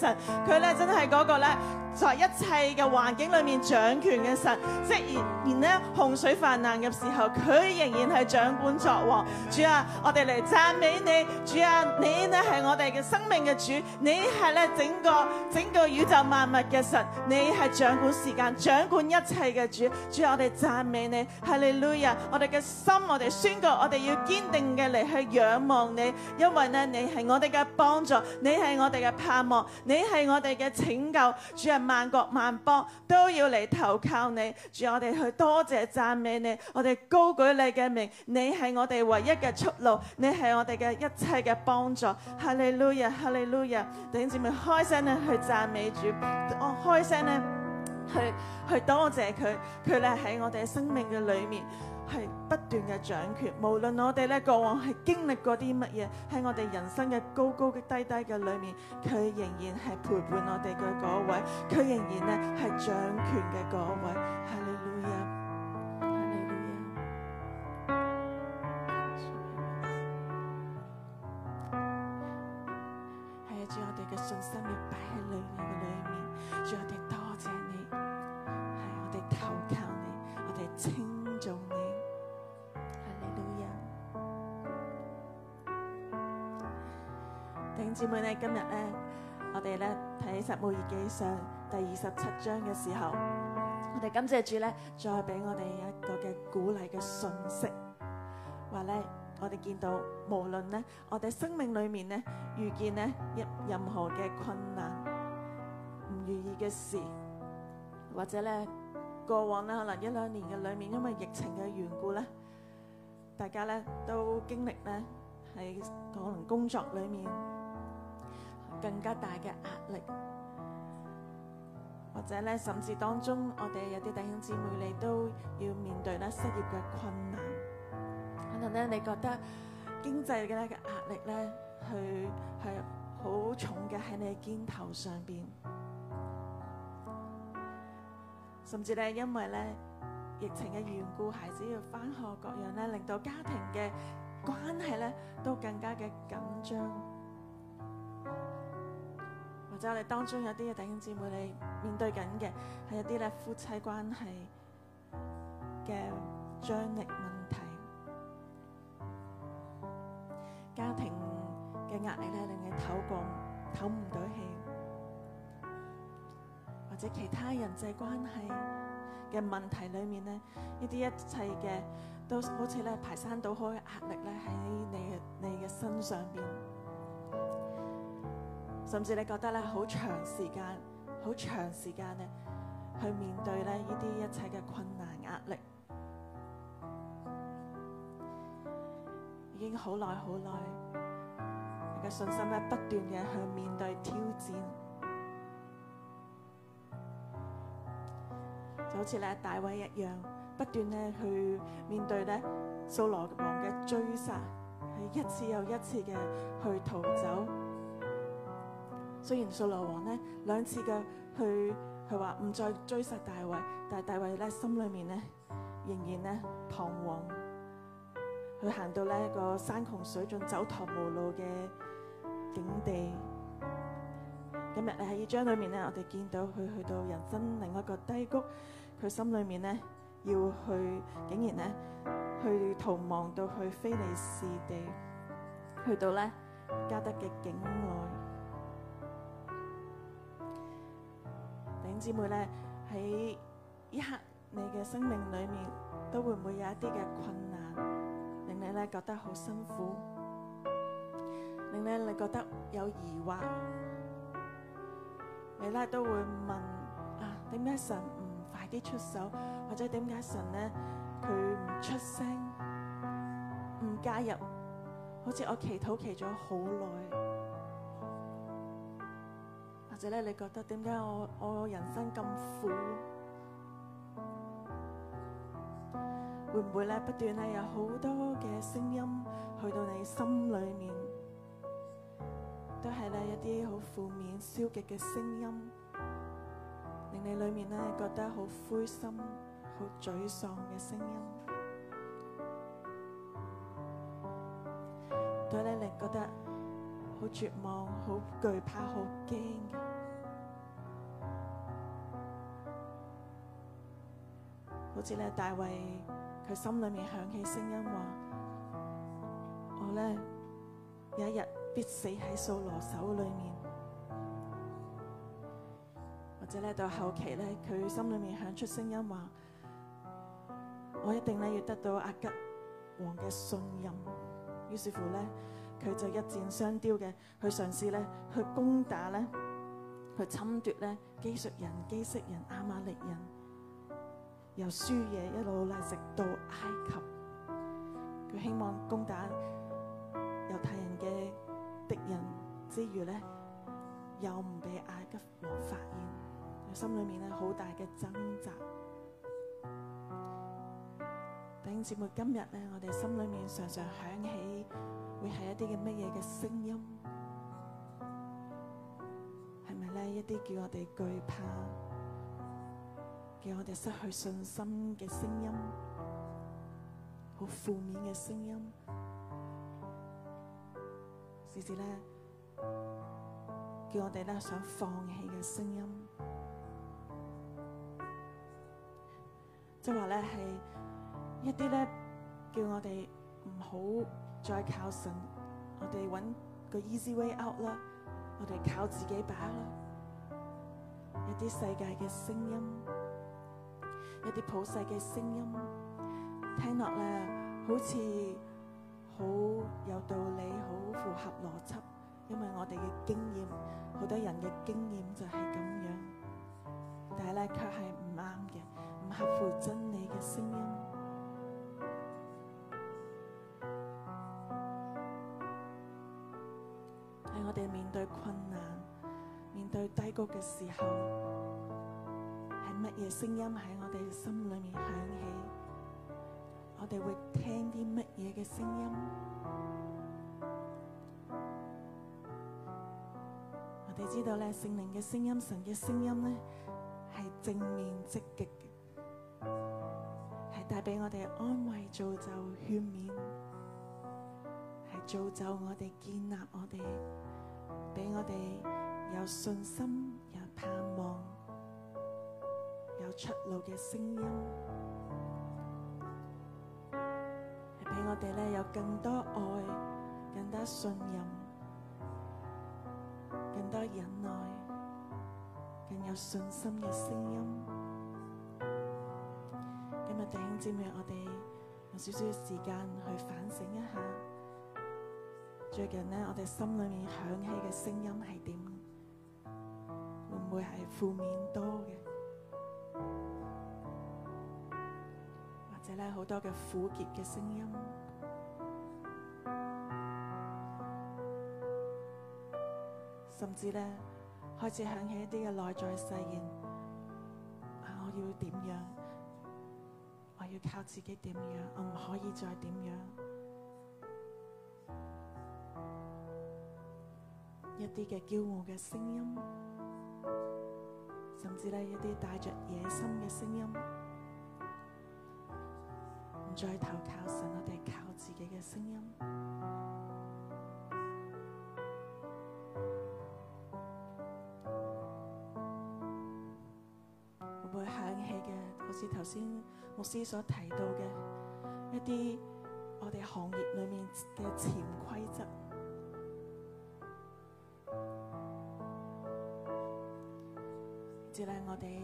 S3: 神佢咧真係個咧，在一切嘅環境裏面掌權嘅神，即係然然咧洪水泛濫嘅時候，佢仍然係掌管作王。主啊，我哋嚟讚美你。主啊，你呢係我哋嘅生命嘅主，你係咧整個整個宇宙萬物嘅神，你係掌管時間、掌管一切嘅主。主啊，我哋讚美你，哈利路亞！我哋嘅心，我哋宣告，我哋要堅定嘅嚟去仰望你，因為咧你係我哋嘅幫助，你係我哋嘅盼望，你係我哋嘅拯救。主啊，萬國萬邦都要嚟投靠你。主啊，我哋去多謝讚美你，我哋高舉你嘅名，你係我哋唯一嘅出路，你係我哋嘅一切。嘅幫助，哈利路亞，哈利路亞，弟兄姊妹，開聲咧去讚美主，哦，開聲咧去去多謝佢，佢咧喺我哋生命嘅裏面係不斷嘅掌權，無論我哋咧過往係經歷過啲乜嘢，喺我哋人生嘅高高低低嘅裏面，佢仍然係陪伴我哋嘅嗰位，佢仍然咧係掌權嘅嗰位。上第二十七章嘅時候，我哋感謝主咧，再俾我哋一個嘅鼓勵嘅訊息，話咧我哋見到無論咧我哋生命裏面咧遇見呢，任任何嘅困難，唔如意嘅事，或者咧過往咧可能一兩年嘅裏面，因為疫情嘅緣故咧，大家咧都經歷咧喺可能工作裏面更加大嘅壓力。或者咧，甚至當中，我哋有啲弟兄姊妹你都要面對咧失業嘅困難，可能咧你覺得經濟嘅咧嘅壓力咧，去係好重嘅喺你嘅肩頭上邊，甚至咧因為咧疫情嘅緣故，孩子要返學各樣咧，令到家庭嘅關係咧都更加嘅緊張。就係我哋當中有啲嘅弟兄姊妹，你面對緊嘅係一啲咧夫妻關係嘅張力問題、家庭嘅壓力咧令你透過透唔到氣，或者其他人際關係嘅問題裏面咧，呢啲一切嘅都好似咧排山倒海嘅壓力咧喺你嘅你嘅身上邊。甚至你覺得咧，好長時間，好長時間咧，去面對咧呢啲一切嘅困難壓力，已經好耐好耐，你嘅信心咧不斷嘅去面對挑戰，就好似咧大衛一樣，不斷咧去面對咧掃羅王嘅追殺，係一次又一次嘅去逃走。雖然掃羅王咧兩次嘅去，佢話唔再追殺大衛，但係大衛咧心裏面咧仍然咧彷徨，佢行到一、那個山窮水盡、走投無路嘅境地。今日咧喺章裏面咧，我哋見到佢去到人生另一個低谷，佢心裏面咧要去，竟然咧去逃亡到去非利士地，去到咧加德嘅境外。姐妹咧喺一刻你嘅生命裏面都會唔會有一啲嘅困難，令你咧覺得好辛苦，令你你覺得有疑惑，你咧都會問啊，點解神唔快啲出手，或者點解神咧佢唔出聲，唔介入，好似我祈禱祈咗好耐。或者咧，你覺得點解我我人生咁苦？會唔會咧不斷咧有好多嘅聲音去到你心裡面，都係咧一啲好負面、消極嘅聲音，令你裡面咧覺得好灰心、好沮喪嘅聲音，對你嚟講，覺得，好絕望，好懼怕，好驚，好似咧大衛，佢心裏面響起聲音話：我咧有一日必死喺掃羅手裏面，或者咧到後期咧，佢心裏面響出聲音話：我一定咧要得到阿吉王嘅信任，於是乎咧。佢就一箭雙雕嘅去嘗試咧，去攻打咧，去侵奪咧，基述人、基色人、亞瑪力人，由書珥一路嚟直到埃及。佢希望攻打猶太人嘅敵人之餘咧，又唔俾亞吉王發現。佢心裏面咧好大嘅掙扎。等節目今日咧，我哋心裏面常常響起。會係一啲嘅乜嘢嘅聲音，係咪咧？一啲叫我哋懼怕、叫我哋失去信心嘅聲音，好負面嘅聲音，甚至咧叫我哋咧想放棄嘅聲音，即係話咧係一啲咧叫我哋唔好。再靠神，我哋搵個 easy way out 啦。我哋靠自己把握啦。一啲世界嘅聲音，一啲普世嘅聲音，聽落咧好似好有道理，好符合邏輯，因為我哋嘅經驗，好多人嘅經驗就係咁樣，但係咧卻係唔啱嘅，唔合乎真理嘅聲音。面對困難、面對低谷嘅時候，係乜嘢聲音喺我哋心裏面響起？我哋會聽啲乜嘢嘅聲音？我哋知道咧，聖靈嘅聲音、神嘅聲音咧，係正面積極嘅，係帶俾我哋安慰、造就、勸勉，係造就我哋、建立我哋。俾我哋有信心、有盼望、有出路嘅聲音，俾我哋咧有更多愛、更多信任、更多忍耐、更有信心嘅聲音。今日弟兄姊妹，我哋用少少嘅時間去反省一下。最近呢，我哋心裏面響起嘅聲音係點？會唔會係負面多嘅？或者咧，好多嘅苦澀嘅聲音，甚至咧開始響起一啲嘅內在誓言，啊：我要點樣？我要靠自己點樣？我唔可以再點樣？啲嘅驕傲嘅聲音，甚至咧一啲帶着野心嘅聲音，唔再投靠神，我哋靠自己嘅聲音，會唔會響起嘅？好似頭先牧師所提到嘅一啲我哋行業裏面嘅潛規則。我哋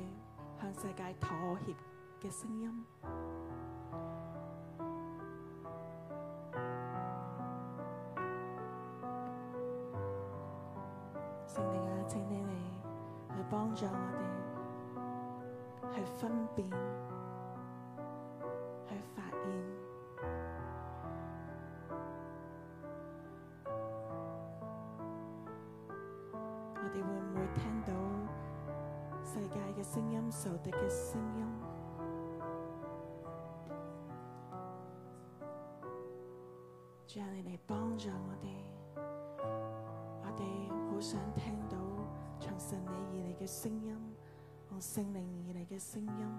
S3: 向世界妥協嘅聲音。聖靈啊，請你哋去幫助我哋，去分辨。想聽到從神你而嚟嘅聲音，從聖靈而嚟嘅聲音，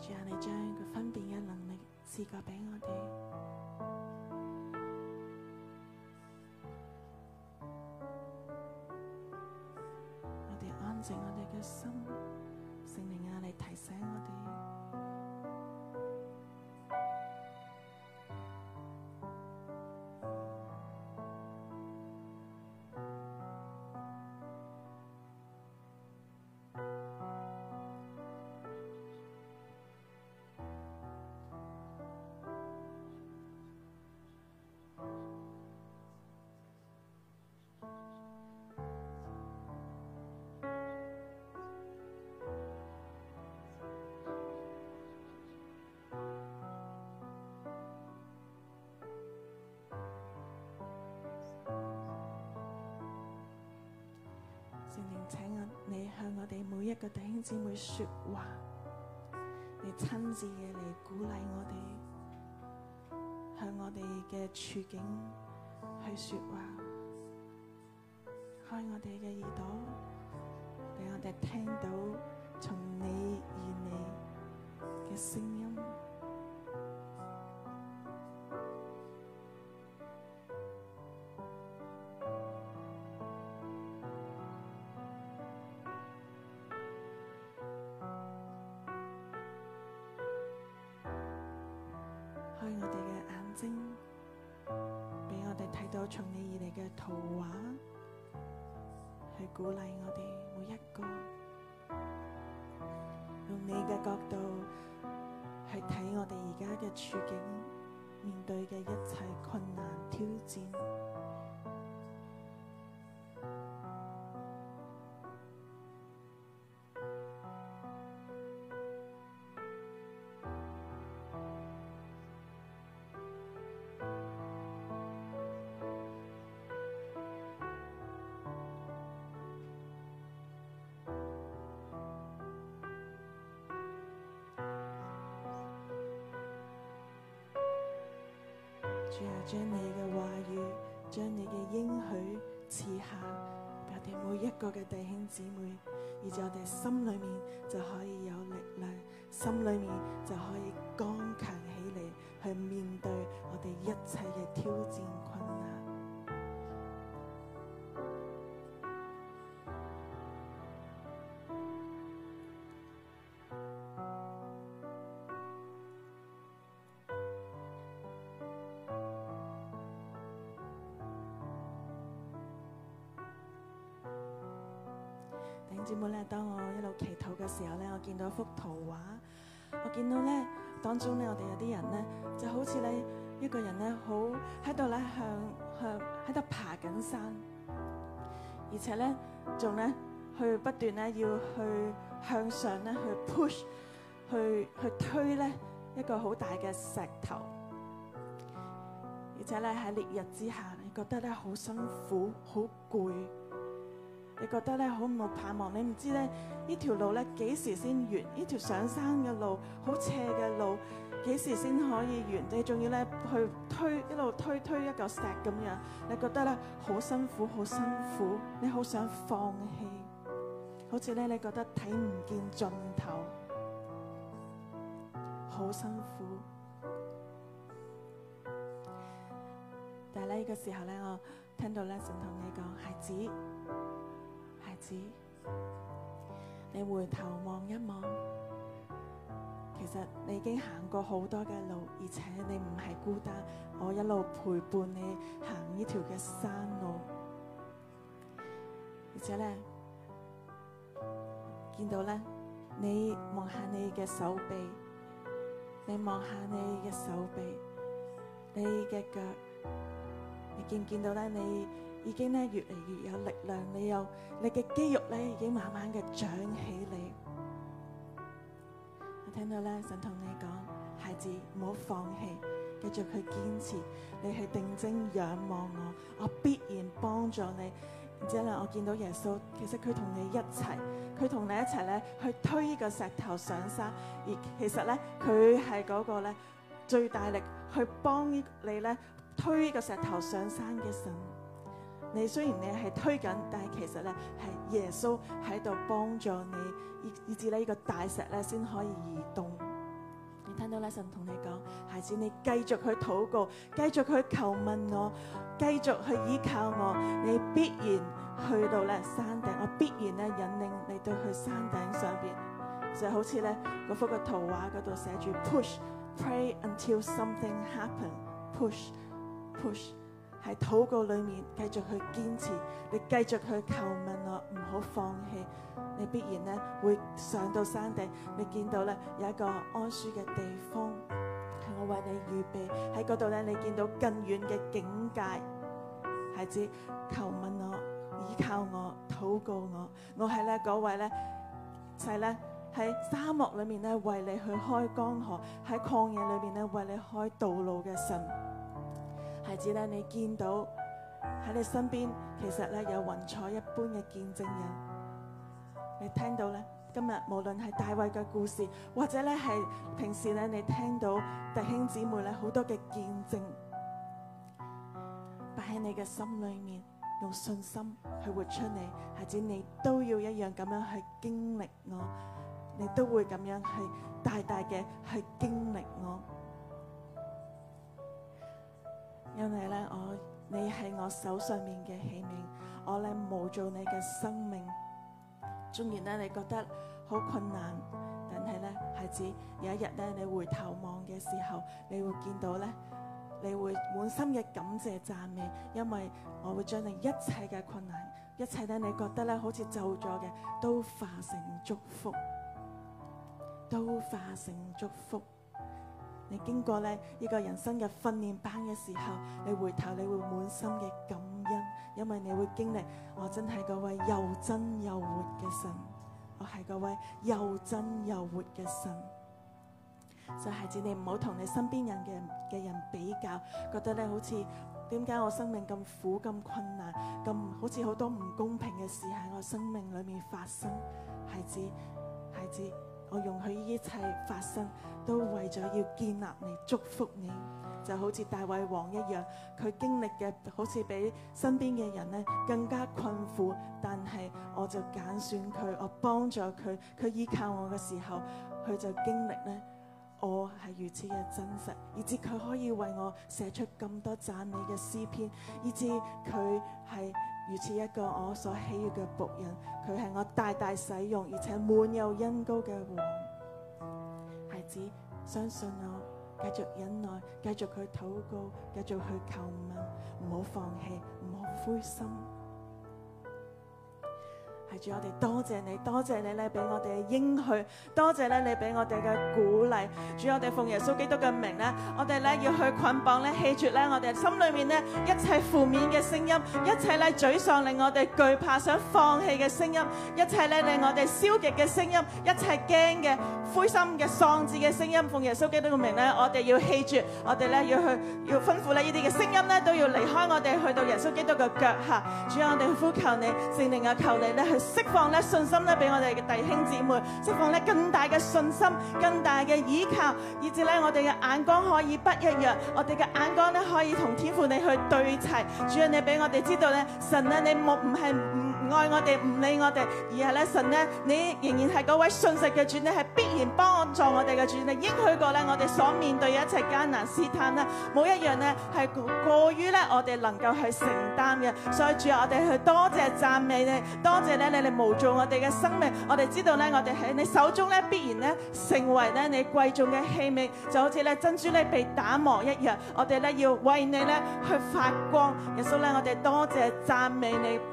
S3: 只要你將佢分辨嘅能力賜過俾。請我，你向我哋每一個弟兄姊妹說話，你親自嘅嚟鼓勵我哋，向我哋嘅處境去說話，開我哋嘅耳朵，畀我哋聽到從你而嚟嘅聲音。從你而嚟嘅圖畫，去鼓勵我哋每一個，用你嘅角度去睇我哋而家嘅處境，面對嘅一切困難挑戰。姊妹咧，當我一路祈禱嘅時候咧，我見到一幅圖畫，我見到咧當中咧，我哋有啲人咧，就好似咧一個人咧，好喺度咧向向喺度爬緊山，而且咧仲咧去不斷咧要去向上咧去 push，去去推咧一個好大嘅石頭，而且咧喺烈日之下，你覺得咧好辛苦，好攰。你覺得咧好唔好盼望，你唔知咧呢條路咧幾時先完？呢條上山嘅路好斜嘅路，幾時先可以完？你仲要咧去推一路推推一嚿石咁樣，你覺得咧好辛苦，好辛苦，你好想放棄，好似咧你覺得睇唔見盡頭，好辛苦。但係呢個時候咧，我聽到咧想同你講，孩子。你回頭望一望，其實你已經行過好多嘅路，而且你唔係孤單，我一路陪伴你行呢條嘅山路，而且咧見到咧，你望下你嘅手臂，你望下你嘅手臂，你嘅腳，你見唔見到咧？你已經咧，越嚟越有力量。你有你嘅肌肉咧，已經慢慢嘅長起你。我聽到咧想同你講，孩子唔好放棄，繼續去堅持。你係定睛仰望我，我必然幫助你。然之後咧，我見到耶穌，其實佢同你一齊，佢同你一齊咧去推呢個石頭上山，而其實咧佢係嗰個咧最大力去幫你咧推呢個石頭上山嘅神。你雖然你係推緊，但係其實咧係耶穌喺度幫助你，以以致呢個大石咧先可以移動。你聽到咧神同你講，孩子，你繼續去禱告，繼續去求問我，繼續去依靠我，你必然去到咧山頂，我必然咧引領你到去山頂上邊。就好似咧嗰幅嘅圖畫嗰度寫住 Push, pray until something happen, push, push。喺禱告裏面繼續去堅持，你繼續去求問我，唔好放棄，你必然咧會上到山頂，你見到咧有一個安舒嘅地方，我為你預備喺嗰度咧，你見到更遠嘅境界。孩子，求問我，依靠我，禱告我，我係咧嗰位咧，就係咧喺沙漠裏面咧為你去開江河，喺曠野裏面咧為你開道路嘅神。孩子咧，你見到喺你身邊，其實咧有雲彩一般嘅見證人。你聽到咧，今日無論係大衛嘅故事，或者咧係平時咧你聽到弟兄姊妹咧好多嘅見證，擺喺你嘅心裏面，用信心去活出你。孩子，你都要一樣咁樣去經歷我，你都會咁樣去大大嘅去經歷我。因為咧，我你係我手上面嘅起名，我咧冇做你嘅生命。縱然咧你覺得好困難，但係咧孩子有一日咧你回頭望嘅時候，你會見到咧，你會滿心嘅感謝讚美，因為我會將你一切嘅困難，一切咧你覺得咧好似咒咗嘅，都化成祝福，都化成祝福。你經過咧呢個人生嘅訓練班嘅時候，你回頭你會滿心嘅感恩，因為你會經歷，我真係嗰位又真又活嘅神，我係嗰位又真又活嘅神。所以孩子，你唔好同你身邊人嘅嘅人比較，覺得咧好似點解我生命咁苦咁困難，咁好似好多唔公平嘅事喺我生命裏面發生。孩子，孩子。我容許一切發生，都為咗要建立你、祝福你，就好似大衛王一樣，佢經歷嘅好似比身邊嘅人咧更加困苦，但係我就揀選佢，我幫助佢，佢依靠我嘅時候，佢就經歷咧，我係如此嘅真實，以至佢可以為我寫出咁多讚美嘅詩篇，以至佢係。如此一個我所喜悅嘅僕人，佢係我大大使用而且滿有恩膏嘅王。孩子，相信我，繼續忍耐，繼續去禱告，繼續去求問，唔好放棄，唔好灰心。係住我哋多謝你，多謝你咧俾我哋嘅應許，多謝咧你俾我哋嘅鼓勵。主要我哋奉耶穌基督嘅名咧，我哋咧要去捆綁咧棄絕咧我哋心裏面咧一切負面嘅聲音，一切咧沮喪令我哋懼怕想放棄嘅聲音，一切咧令我哋消極嘅聲音，一切驚嘅灰心嘅喪志嘅聲音，奉耶穌基督嘅名咧，我哋要棄絕，我哋咧要去要吩咐呢，呢啲嘅聲音咧都要離開我哋去到耶穌基督嘅腳下。主要我哋呼求你，聖靈啊，求你咧去。釋放咧信心咧俾我哋嘅弟兄姊妹，釋放咧更大嘅信心、更大嘅依靠，以至咧我哋嘅眼光可以不一樣。我哋嘅眼光咧可以同天父你去對齊，主要你俾我哋知道咧，神咧你冇唔係唔。愛我哋唔理我哋，而係咧神呢，你仍然係嗰位信實嘅主，呢，係必然幫助我哋嘅主，呢。應許過呢，我哋所面對嘅一切艱難試探咧，冇一樣呢係過於呢我哋能夠去承擔嘅。所以主啊，我哋去多謝讚美你，多謝咧你嚟模造我哋嘅生命。我哋知道呢，我哋喺你手中呢，必然呢成為呢你貴重嘅器皿，就好似咧珍珠咧被打磨一樣。我哋咧要為你咧去發光。耶穌咧，我哋多謝讚美你。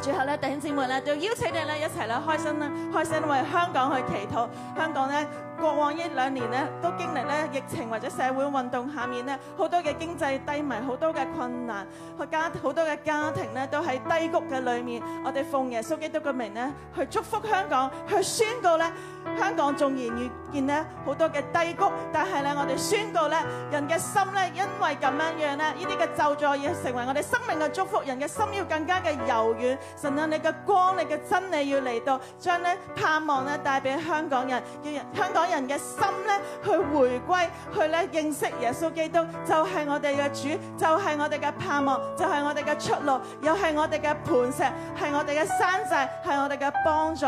S3: 最後呢，弟兄姊妹呢，就邀請你呢一齊呢開心啦，開心，開心為香港去祈禱，香港呢。過往一兩年咧，都經歷咧疫情或者社會運動下面咧，好多嘅經濟低迷，好多嘅困難，佢家好多嘅家庭咧都喺低谷嘅裏面。我哋奉耶穌基督嘅名咧，去祝福香港，去宣告咧，香港縱然遇見咧好多嘅低谷，但係咧我哋宣告咧，人嘅心咧因為咁樣樣咧，呢啲嘅就助要成為我哋生命嘅祝福。人嘅心要更加嘅柔軟。神啊，你嘅光，你嘅真理要嚟到，將咧盼望咧帶俾香港人，叫人香港。人嘅心咧，去回歸，去咧認識耶穌基督，就係我哋嘅主，就係我哋嘅盼望，就係我哋嘅出路，又係我哋嘅磐石，係我哋嘅山寨，係我哋嘅幫助。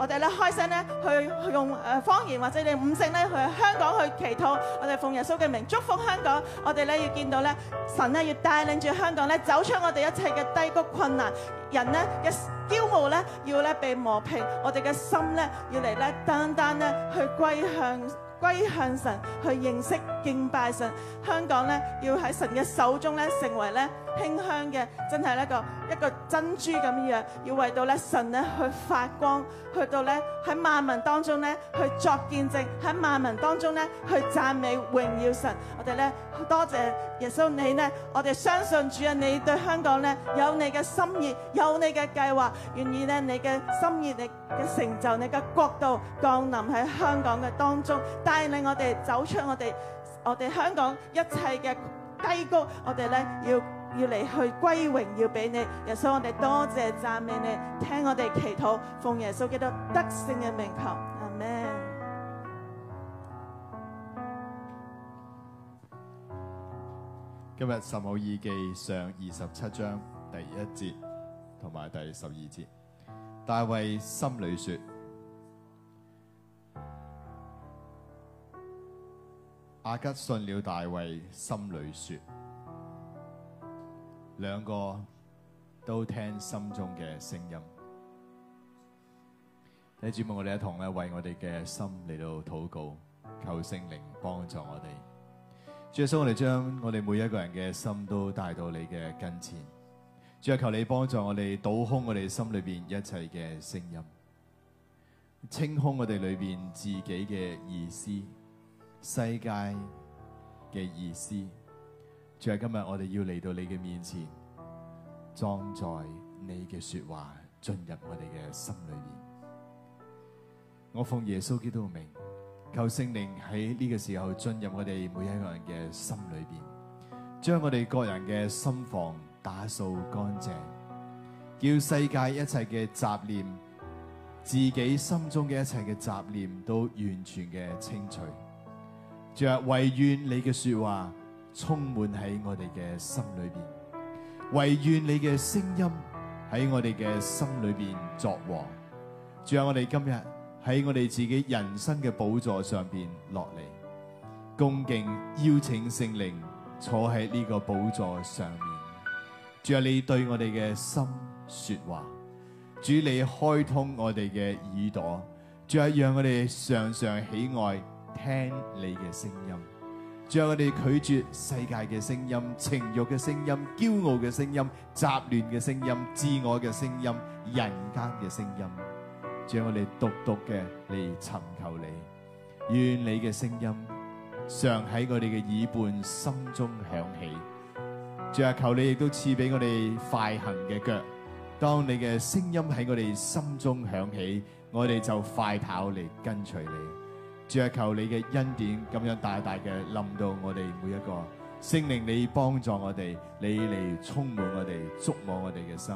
S3: 我哋咧開聲咧去用誒方言或者你五聲咧，去香港去祈禱，我哋奉耶穌嘅名祝福香港。我哋咧要見到咧神咧要帶領住香港咧走出我哋一切嘅低谷困難，人咧嘅驕傲咧要咧被磨平，我哋嘅心咧要嚟咧單單咧去歸向歸向神，去認識敬拜神。香港咧要喺神嘅手中咧成為咧，馨香嘅真係一個一個珍珠咁樣，要為到咧神咧去發光，去到咧喺萬民當中咧去作見證，喺萬民當中咧去讚美榮耀神。我哋咧多謝耶穌你咧，我哋相信主啊，你對香港咧有你嘅心意，有你嘅計劃，願意咧你嘅心意、你嘅成就，你嘅國度降臨喺香港嘅當中，帶領我哋走出我哋、我哋香港一切嘅低谷，我哋咧要。要嚟去歸榮耀俾你，耶穌，我哋多謝讚美你，聽我哋祈禱，奉耶穌基督得勝嘅名求，阿門。
S1: 今日撒母耳記上二十七章第一節同埋第十二節，大衛心裏說：阿吉信了，大衛心裏說。兩個都聽心中嘅聲音，睇住我哋一齊同咧為我哋嘅心嚟到禱告，求聖靈幫助我哋。主耶穌，我哋將我哋每一個人嘅心都帶到你嘅跟前。主，求你幫助我哋倒空我哋心裏邊一切嘅聲音，清空我哋裏邊自己嘅意思、世界嘅意思。就係今日，我哋要嚟到你嘅面前，裝載你嘅說話進入我哋嘅心裏面。我奉耶穌基督嘅名，求聖靈喺呢個時候進入我哋每一個人嘅心裏邊，將我哋個人嘅心房打掃乾淨，叫世界一切嘅雜念、自己心中嘅一切嘅雜念都完全嘅清除。就係為願你嘅說話。充滿喺我哋嘅心裏邊，唯願你嘅聲音喺我哋嘅心裏邊作王。仲有我哋今日喺我哋自己人生嘅寶座上邊落嚟，恭敬邀請聖靈坐喺呢個寶座上面。仲有你對我哋嘅心說話，主你開通我哋嘅耳朵，仲有讓我哋常常喜愛聽你嘅聲音。將我哋拒絕世界嘅聲音、情欲嘅聲音、驕傲嘅聲音、雜亂嘅聲音、自我嘅聲音、人間嘅聲音。將我哋獨獨嘅嚟尋求你，願你嘅聲音常喺我哋嘅耳畔、心中響起。主啊，求你亦都賜俾我哋快行嘅腳。當你嘅聲音喺我哋心中響起，我哋就快跑嚟跟隨你。主，係求你嘅恩典，咁樣大大嘅冧到我哋每一個。聖靈，你幫助我哋，你嚟充滿我哋，觸摸我哋嘅心。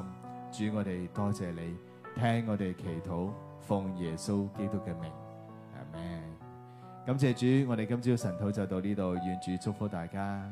S1: 主，我哋多謝你，聽我哋祈禱，奉耶穌基督嘅名。阿門。感謝主，我哋今朝神討就到呢度，願主祝福大家。